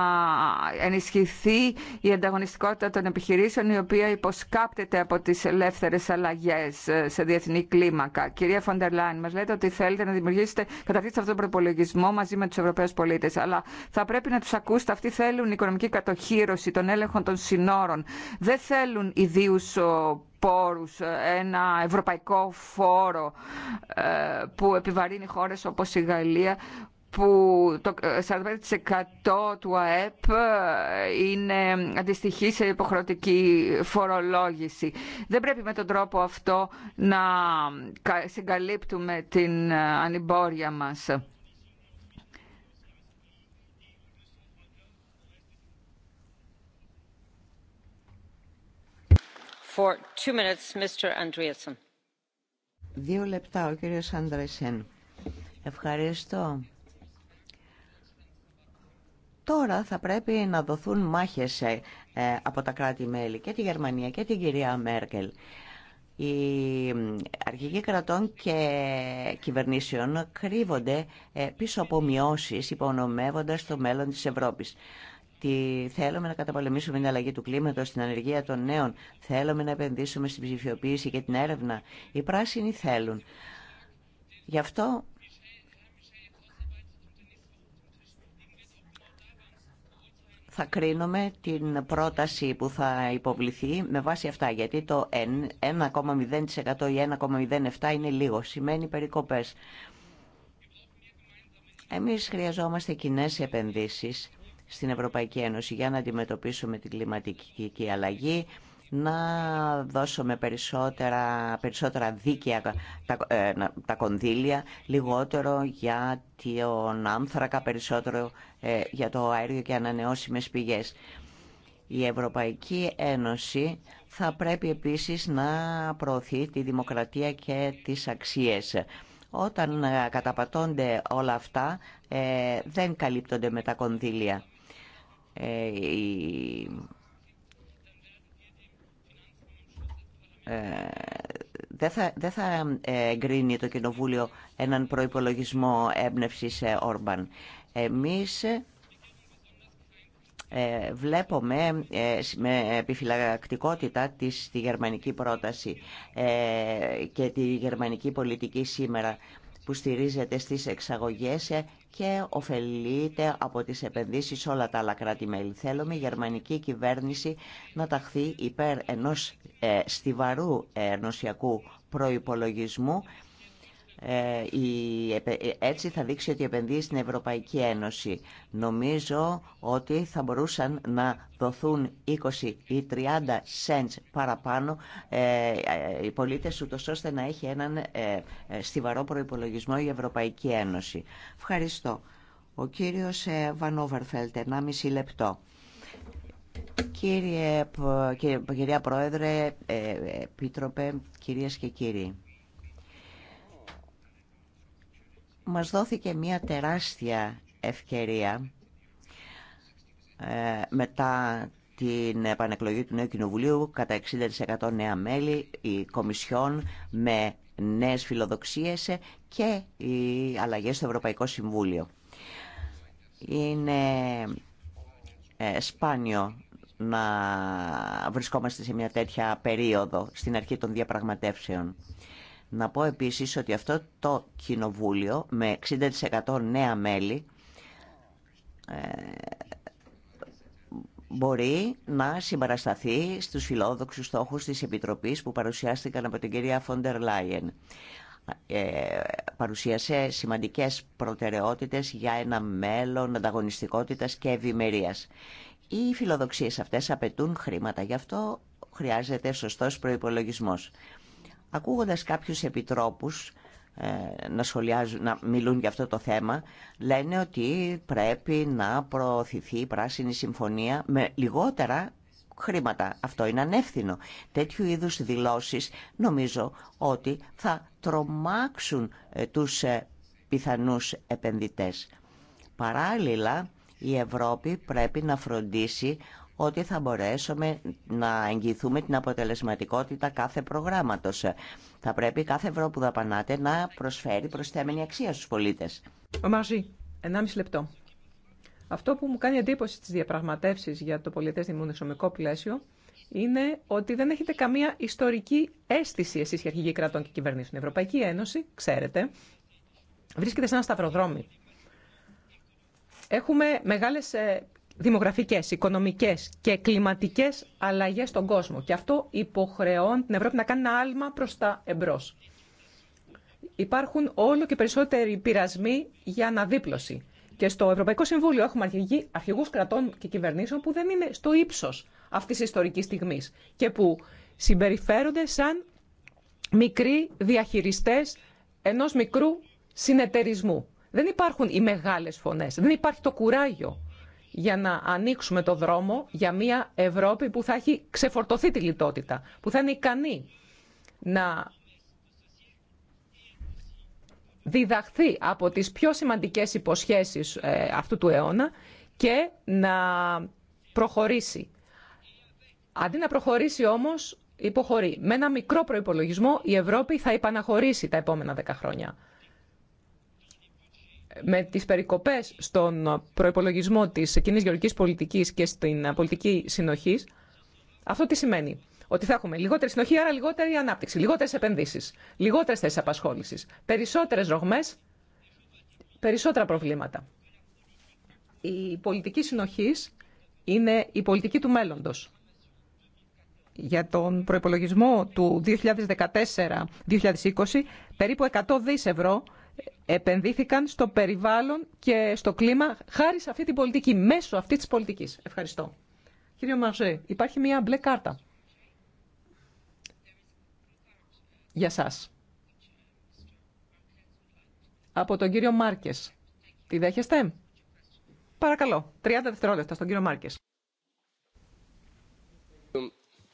ενισχυθεί η ανταγωνιστικότητα των επιχειρήσεων η οποία υποσκάπτεται από τις ελεύθερες αλλαγές ε, σε διεθνή κλίμακα. Κυρία Φοντερ μας λέτε ότι θέλετε να δημιουργήσετε καταρχήν αυτόν τον προπολογισμό μαζί με τους Ευρωπαίους πολίτες, αλλά θα πρέπει να τους ακούσετε. Αυτοί θέλουν οικονομική κατοχήρωση των έλεγχων των συνόρων. Δεν θέλουν ιδίους πόρους, ε, ένα ευρωπαϊκό φόρο ε, που επιβαρύνει χώρες όπως η Γαλλία που το 45% ε, του ΑΕΠ είναι αντιστοιχεί σε υποχρεωτική φορολόγηση. Δεν πρέπει με τον τρόπο αυτό να συγκαλύπτουμε την ανυμπόρια μας. Δύο λεπτά, ο κύριος Ευχαριστώ. Τώρα θα πρέπει να δοθούν μάχες ε, ε, από τα κράτη-μέλη και τη Γερμανία και την κυρία Μέρκελ. Οι αρχηγοί κρατών και κυβερνήσεων κρύβονται ε, πίσω από μειώσεις υπονομεύοντας το μέλλον της Ευρώπης ότι θέλουμε να καταπολεμήσουμε την αλλαγή του κλίματος, την ανεργία των νέων, θέλουμε να επενδύσουμε στην ψηφιοποίηση και την έρευνα. Οι πράσινοι θέλουν. Γι' αυτό θα κρίνουμε την πρόταση που θα υποβληθεί με βάση αυτά, γιατί το 1,0% ή 1,07% είναι λίγο, σημαίνει περικοπές. Εμείς χρειαζόμαστε κοινέ επενδύσεις στην Ευρωπαϊκή Ένωση για να αντιμετωπίσουμε την κλιματική αλλαγή, να δώσουμε περισσότερα, περισσότερα δίκαια τα, τα ε, κονδύλια, λιγότερο για τον άνθρακα, περισσότερο ε, για το αέριο και ανανεώσιμες πηγές. Η Ευρωπαϊκή Ένωση θα πρέπει επίσης να προωθεί τη δημοκρατία και τις αξίες. Όταν ε, καταπατώνται όλα αυτά, δεν καλύπτονται με τα κονδύλια. Ε, ε, δεν θα, δεν ε, εγκρίνει το Κοινοβούλιο έναν προϋπολογισμό έμπνευσης Όρμπαν. Εμείς βλέπουμε με επιφυλακτικότητα της, τη γερμανική πρόταση και τη γερμανική πολιτική σήμερα που στηρίζεται στις εξαγωγές και ωφελείται από τις επενδύσεις όλα τα άλλα κράτη-μέλη. Θέλουμε η γερμανική κυβέρνηση να ταχθεί υπέρ ενός ε, στιβαρού ε, νοσιακού προϋπολογισμού ε, ε, έτσι θα δείξει ότι επενδύει στην Ευρωπαϊκή Ένωση. Νομίζω ότι θα μπορούσαν να δοθούν 20 ή 30 cents παραπάνω ε, οι πολίτες ούτως ώστε να έχει έναν στιβαρό προϋπολογισμό η Ευρωπαϊκή Ένωση. Ευχαριστώ. Ο κύριος Βανόβερφελτ, 1,5 λεπτό. Κύριε, κυρία Πρόεδρε, Επίτροπε, κυρίες και κύριοι. μας δόθηκε μια τεράστια ευκαιρία ε, μετά την επανεκλογή του νέου κοινοβουλίου κατά 60% νέα μέλη, η Κομισιόν με νέες φιλοδοξίες και οι αλλαγές στο Ευρωπαϊκό Συμβούλιο. Είναι ε, σπάνιο να βρισκόμαστε σε μια τέτοια περίοδο στην αρχή των διαπραγματεύσεων. Να πω επίσης ότι αυτό το κοινοβούλιο με 60% νέα μέλη ε, μπορεί να συμπαρασταθεί στους φιλόδοξους στόχους της Επιτροπής που παρουσιάστηκαν από την κυρία Φόντερ Λάιεν. Ε, παρουσίασε σημαντικές προτεραιότητες για ένα μέλλον ανταγωνιστικότητας και ευημερία. Οι φιλοδοξίες αυτές απαιτούν χρήματα, γι' αυτό χρειάζεται σωστός προϋπολογισμός. Ακούγοντας κάποιους επιτρόπους ε, να σχολιάζουν, να μιλούν για αυτό το θέμα, λένε ότι πρέπει να προωθηθεί η πράσινη συμφωνία με λιγότερα χρήματα. Αυτό είναι ανεύθυνο. Τέτοιου είδους δηλώσεις νομίζω ότι θα τρομάξουν ε, τους ε, πιθανούς επενδυτές. Παράλληλα, η Ευρώπη πρέπει να φροντίσει ότι θα μπορέσουμε να εγγυηθούμε την αποτελεσματικότητα κάθε προγράμματος. Θα πρέπει κάθε ευρώ που δαπανάτε να προσφέρει προσθέμενη αξία στους πολίτες. Ο Μαρζή, 1,5 λεπτό. Αυτό που μου κάνει εντύπωση στις διαπραγματεύσεις για το πολιτές δημοσιονομικό πλαίσιο είναι ότι δεν έχετε καμία ιστορική αίσθηση εσείς οι αρχηγοί κρατών και κυβερνήσεων. Η Ευρωπαϊκή Ένωση, ξέρετε, βρίσκεται σε ένα σταυροδρόμι. Έχουμε μεγάλες ε, Δημογραφικέ, οικονομικέ και κλιματικέ αλλαγέ στον κόσμο. Και αυτό υποχρεώνει την Ευρώπη να κάνει ένα άλμα προ τα εμπρό. Υπάρχουν όλο και περισσότεροι πειρασμοί για αναδίπλωση. Και στο Ευρωπαϊκό Συμβούλιο έχουμε αρχηγού κρατών και κυβερνήσεων που δεν είναι στο ύψο αυτή τη ιστορική στιγμή και που συμπεριφέρονται σαν μικροί διαχειριστέ ενό μικρού συνεταιρισμού. Δεν υπάρχουν οι μεγάλε φωνέ, δεν υπάρχει το κουράγιο για να ανοίξουμε το δρόμο για μια Ευρώπη που θα έχει ξεφορτωθεί τη λιτότητα, που θα είναι ικανή να διδαχθεί από τις πιο σημαντικές υποσχέσεις ε, αυτού του αιώνα και να προχωρήσει. Αντί να προχωρήσει όμως, υποχωρεί. Με ένα μικρό προϋπολογισμό η Ευρώπη θα υπαναχωρήσει τα επόμενα δέκα χρόνια με τι περικοπέ στον προπολογισμό τη κοινή γεωργική πολιτική και στην πολιτική συνοχή. αυτό τι σημαίνει. Ότι θα έχουμε λιγότερη συνοχή, άρα λιγότερη ανάπτυξη, λιγότερες επενδύσεις, λιγότερες θέσει απασχόλησης, περισσότερες ρογμέ, περισσότερα προβλήματα. Η πολιτική συνοχή είναι η πολιτική του μέλλοντο. Για τον προπολογισμό του 2014-2020, περίπου 100 δις ευρώ επενδύθηκαν στο περιβάλλον και στο κλίμα χάρη σε αυτή την πολιτική, μέσω αυτή της πολιτικής. Ευχαριστώ. Κύριο Μαρζέ, υπάρχει μια μπλε κάρτα για σας. Από τον κύριο Μάρκες. Τη δέχεστε? Παρακαλώ. 30 δευτερόλεπτα στον κύριο Μάρκες.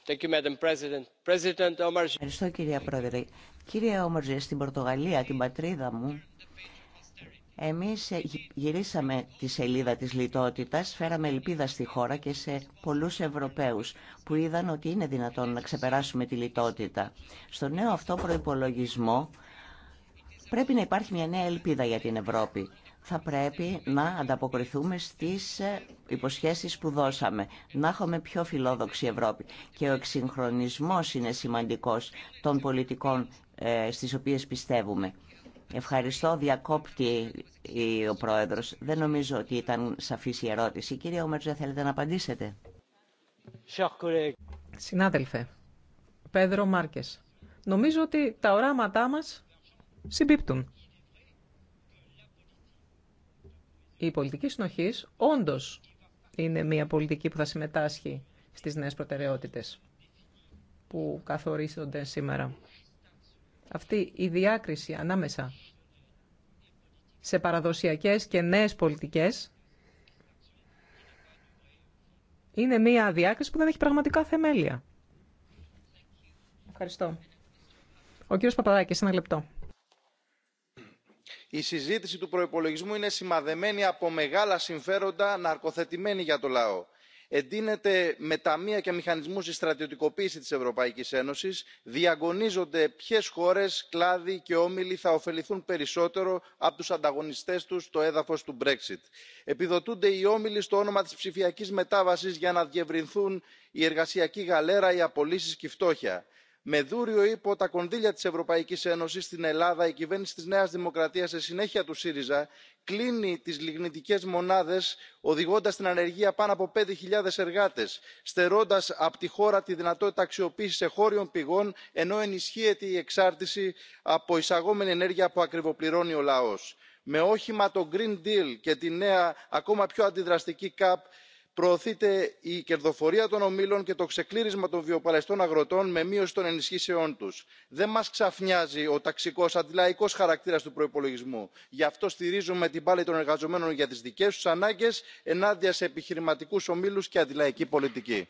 Ευχαριστώ κυρία Πρόεδρε. Κύριε Όμορζε, στην Πορτογαλία, την πατρίδα μου, εμείς γυρίσαμε τη σελίδα της λιτότητας, φέραμε ελπίδα στη χώρα και σε πολλούς Ευρωπαίους που είδαν ότι είναι δυνατόν να ξεπεράσουμε τη λιτότητα. Στο νέο αυτό προϋπολογισμό πρέπει να υπάρχει μια νέα ελπίδα για την Ευρώπη θα πρέπει να ανταποκριθούμε στις ε, υποσχέσεις που δώσαμε. Να έχουμε πιο φιλόδοξη Ευρώπη. Και ο εξυγχρονισμός είναι σημαντικός των πολιτικών ε, στις οποίες πιστεύουμε. Ευχαριστώ. Διακόπτη ο Πρόεδρος. Δεν νομίζω ότι ήταν σαφής η ερώτηση. Κύριε Ομέρτζε, θέλετε να απαντήσετε. Συνάδελφε, Πέδρο Μάρκες, νομίζω ότι τα οράματά μας συμπίπτουν. η πολιτική συνοχής όντω είναι μια πολιτική που θα συμμετάσχει στις νέες προτεραιότητες που καθορίζονται σήμερα. Αυτή η διάκριση ανάμεσα σε παραδοσιακές και νέες πολιτικές είναι μια διάκριση που δεν έχει πραγματικά θεμέλια. Ευχαριστώ. Ο κύριος Παπαδάκης, ένα λεπτό η συζήτηση του προπολογισμού είναι σημαδεμένη από μεγάλα συμφέροντα ναρκοθετημένη για το λαό. εντείνεται με ταμεία και μηχανισμούς η στρατιωτικοποίηση της ευρωπαϊκής ένωσης διαγωνίζονται ποιες χώρες κλάδοι και όμιλοι θα ωφεληθούν περισσότερο από τους ανταγωνιστές τους στο έδαφος του brexit. επιδοτούνται οι όμιλοι στο όνομα της ψηφιακής μετάβασης για να διευρυνθούν η εργασιακή γαλέρα οι απολύσεις και η φτώχεια με δούριο ύπο τα κονδύλια της ευρωπαϊκής ένωσης στην ελλάδα η κυβέρνηση της νέας δημοκρατίας σε συνέχεια του σύριζα κλείνει τις λιγνητικές μονάδες οδηγώντας στην ανεργία πάνω από πέντε χιλιάδες εργάτες στερώντας από τη χώρα τη δυνατότητα αξιοποίησης εγχώριων πηγών ενώ ενισχύεται η εξάρτηση από εισαγόμενη ενέργεια που ακριβοπληρώνει ο λαός. με όχημα το green deal και τη νέα ακόμα πιο αντιδραστική ΚΑΠ, προωθείται η κερδοφορία των ομίλων και το ξεκλήρισμα των βιοπαραστών αγροτών με μείωση των ενισχύσεών του. δεν μας ξαφνιάζει ο ταξικός αντιλαϊκό χαρακτήρας του προπολογισμού. γι' αυτό στηρίζουμε την πάλη των εργαζομένων για τις δικέ του ανάγκες ενάντια σε επιχειρηματικού ομίλους και αντιλαϊκή πολιτική.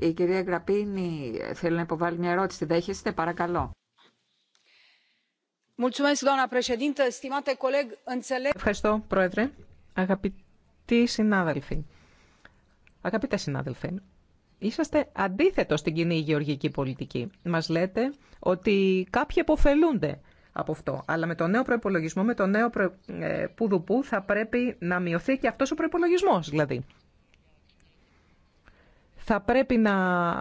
Η κυρία Γραπίνη θέλει να υποβάλει μια ερώτηση. Δέχεστε, παρακαλώ. Ευχαριστώ, Πρόεδρε. Αγαπητοί συνάδελφοι, αγαπητέ συνάδελφοι, είσαστε αντίθετο στην κοινή γεωργική πολιτική. Μας λέτε ότι κάποιοι αποφελούνται από αυτό. Αλλά με το νέο προπολογισμό, με το νέο ε, πουδουπού θα πρέπει να μειωθεί και αυτός ο προπολογισμό, δηλαδή. Θα πρέπει να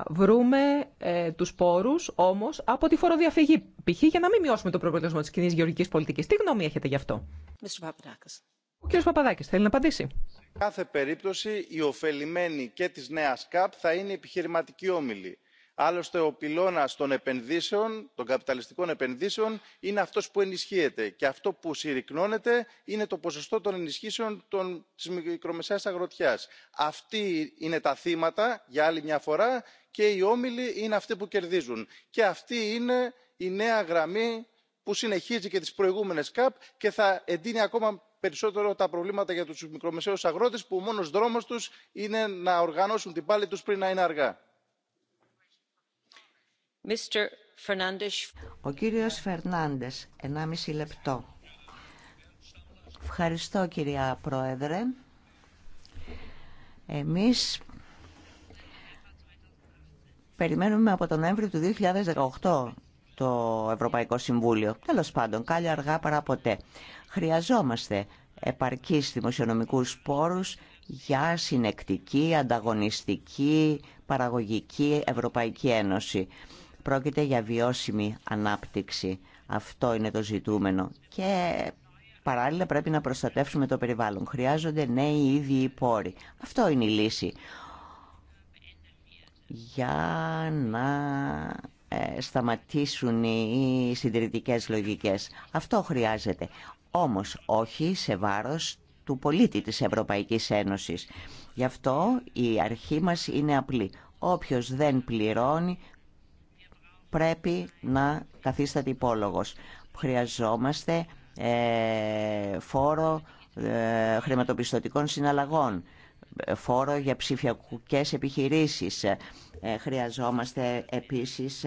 βρούμε ε, τους πόρους όμως από τη φοροδιαφυγή π.χ. για να μην μειώσουμε το προβληματισμό της κοινή γεωργικής πολιτικής. Τι γνώμη έχετε γι' αυτό. Ο κ. Παπαδάκης θέλει να απαντήσει. Κάθε περίπτωση η ωφελημένη και της νέας ΚΑΠ θα είναι επιχειρηματική όμιλη άλλωστε ο πυλώνας των επενδύσεων των καπιταλιστικών επενδύσεων είναι αυτός που ενισχύεται και αυτό που συρρυκνώνεται είναι το ποσοστό των ενισχύσεων της μικρομεσαίας αγροτιάς. αυτοί είναι τα θύματα για άλλη μια φορά και οι όμιλοι είναι αυτοί που κερδίζουν και αυτή είναι η νέα γραμμή που συνεχίζει και τις προηγούμενες καπ και θα εντείνει ακόμα περισσότερο τα προβλήματα για τους μικρομεσαίους αγρότες που ο μόνος δρόμος τους είναι να οργανώσουν την πάλη τους πριν να είναι αργά. Ο κύριος Φερνάντες, 1,5 λεπτό. Ευχαριστώ κυρία Πρόεδρε. Εμείς περιμένουμε από τον Νοέμβριο του 2018 το Ευρωπαϊκό Συμβούλιο. Τέλος πάντων, κάλλια αργά παρά ποτέ. Χρειαζόμαστε επαρκείς δημοσιονομικούς πόρους για συνεκτική, ανταγωνιστική, παραγωγική Ευρωπαϊκή Ένωση πρόκειται για βιώσιμη ανάπτυξη. Αυτό είναι το ζητούμενο. Και παράλληλα πρέπει να προστατεύσουμε το περιβάλλον. Χρειάζονται νέοι ίδιοι πόροι. Αυτό είναι η λύση. Για να ε, σταματήσουν οι συντηρητικές λογικές. Αυτό χρειάζεται. Όμως όχι σε βάρος του πολίτη της Ευρωπαϊκής Ένωσης. Γι' αυτό η αρχή μας είναι απλή. Όποιος δεν πληρώνει πρέπει να καθίσταται υπόλογος. Χρειαζόμαστε ε, φόρο ε, χρηματοπιστωτικών συναλλαγών, ε, φόρο για ψηφιακές επιχειρήσεις. Χρειαζόμαστε επίσης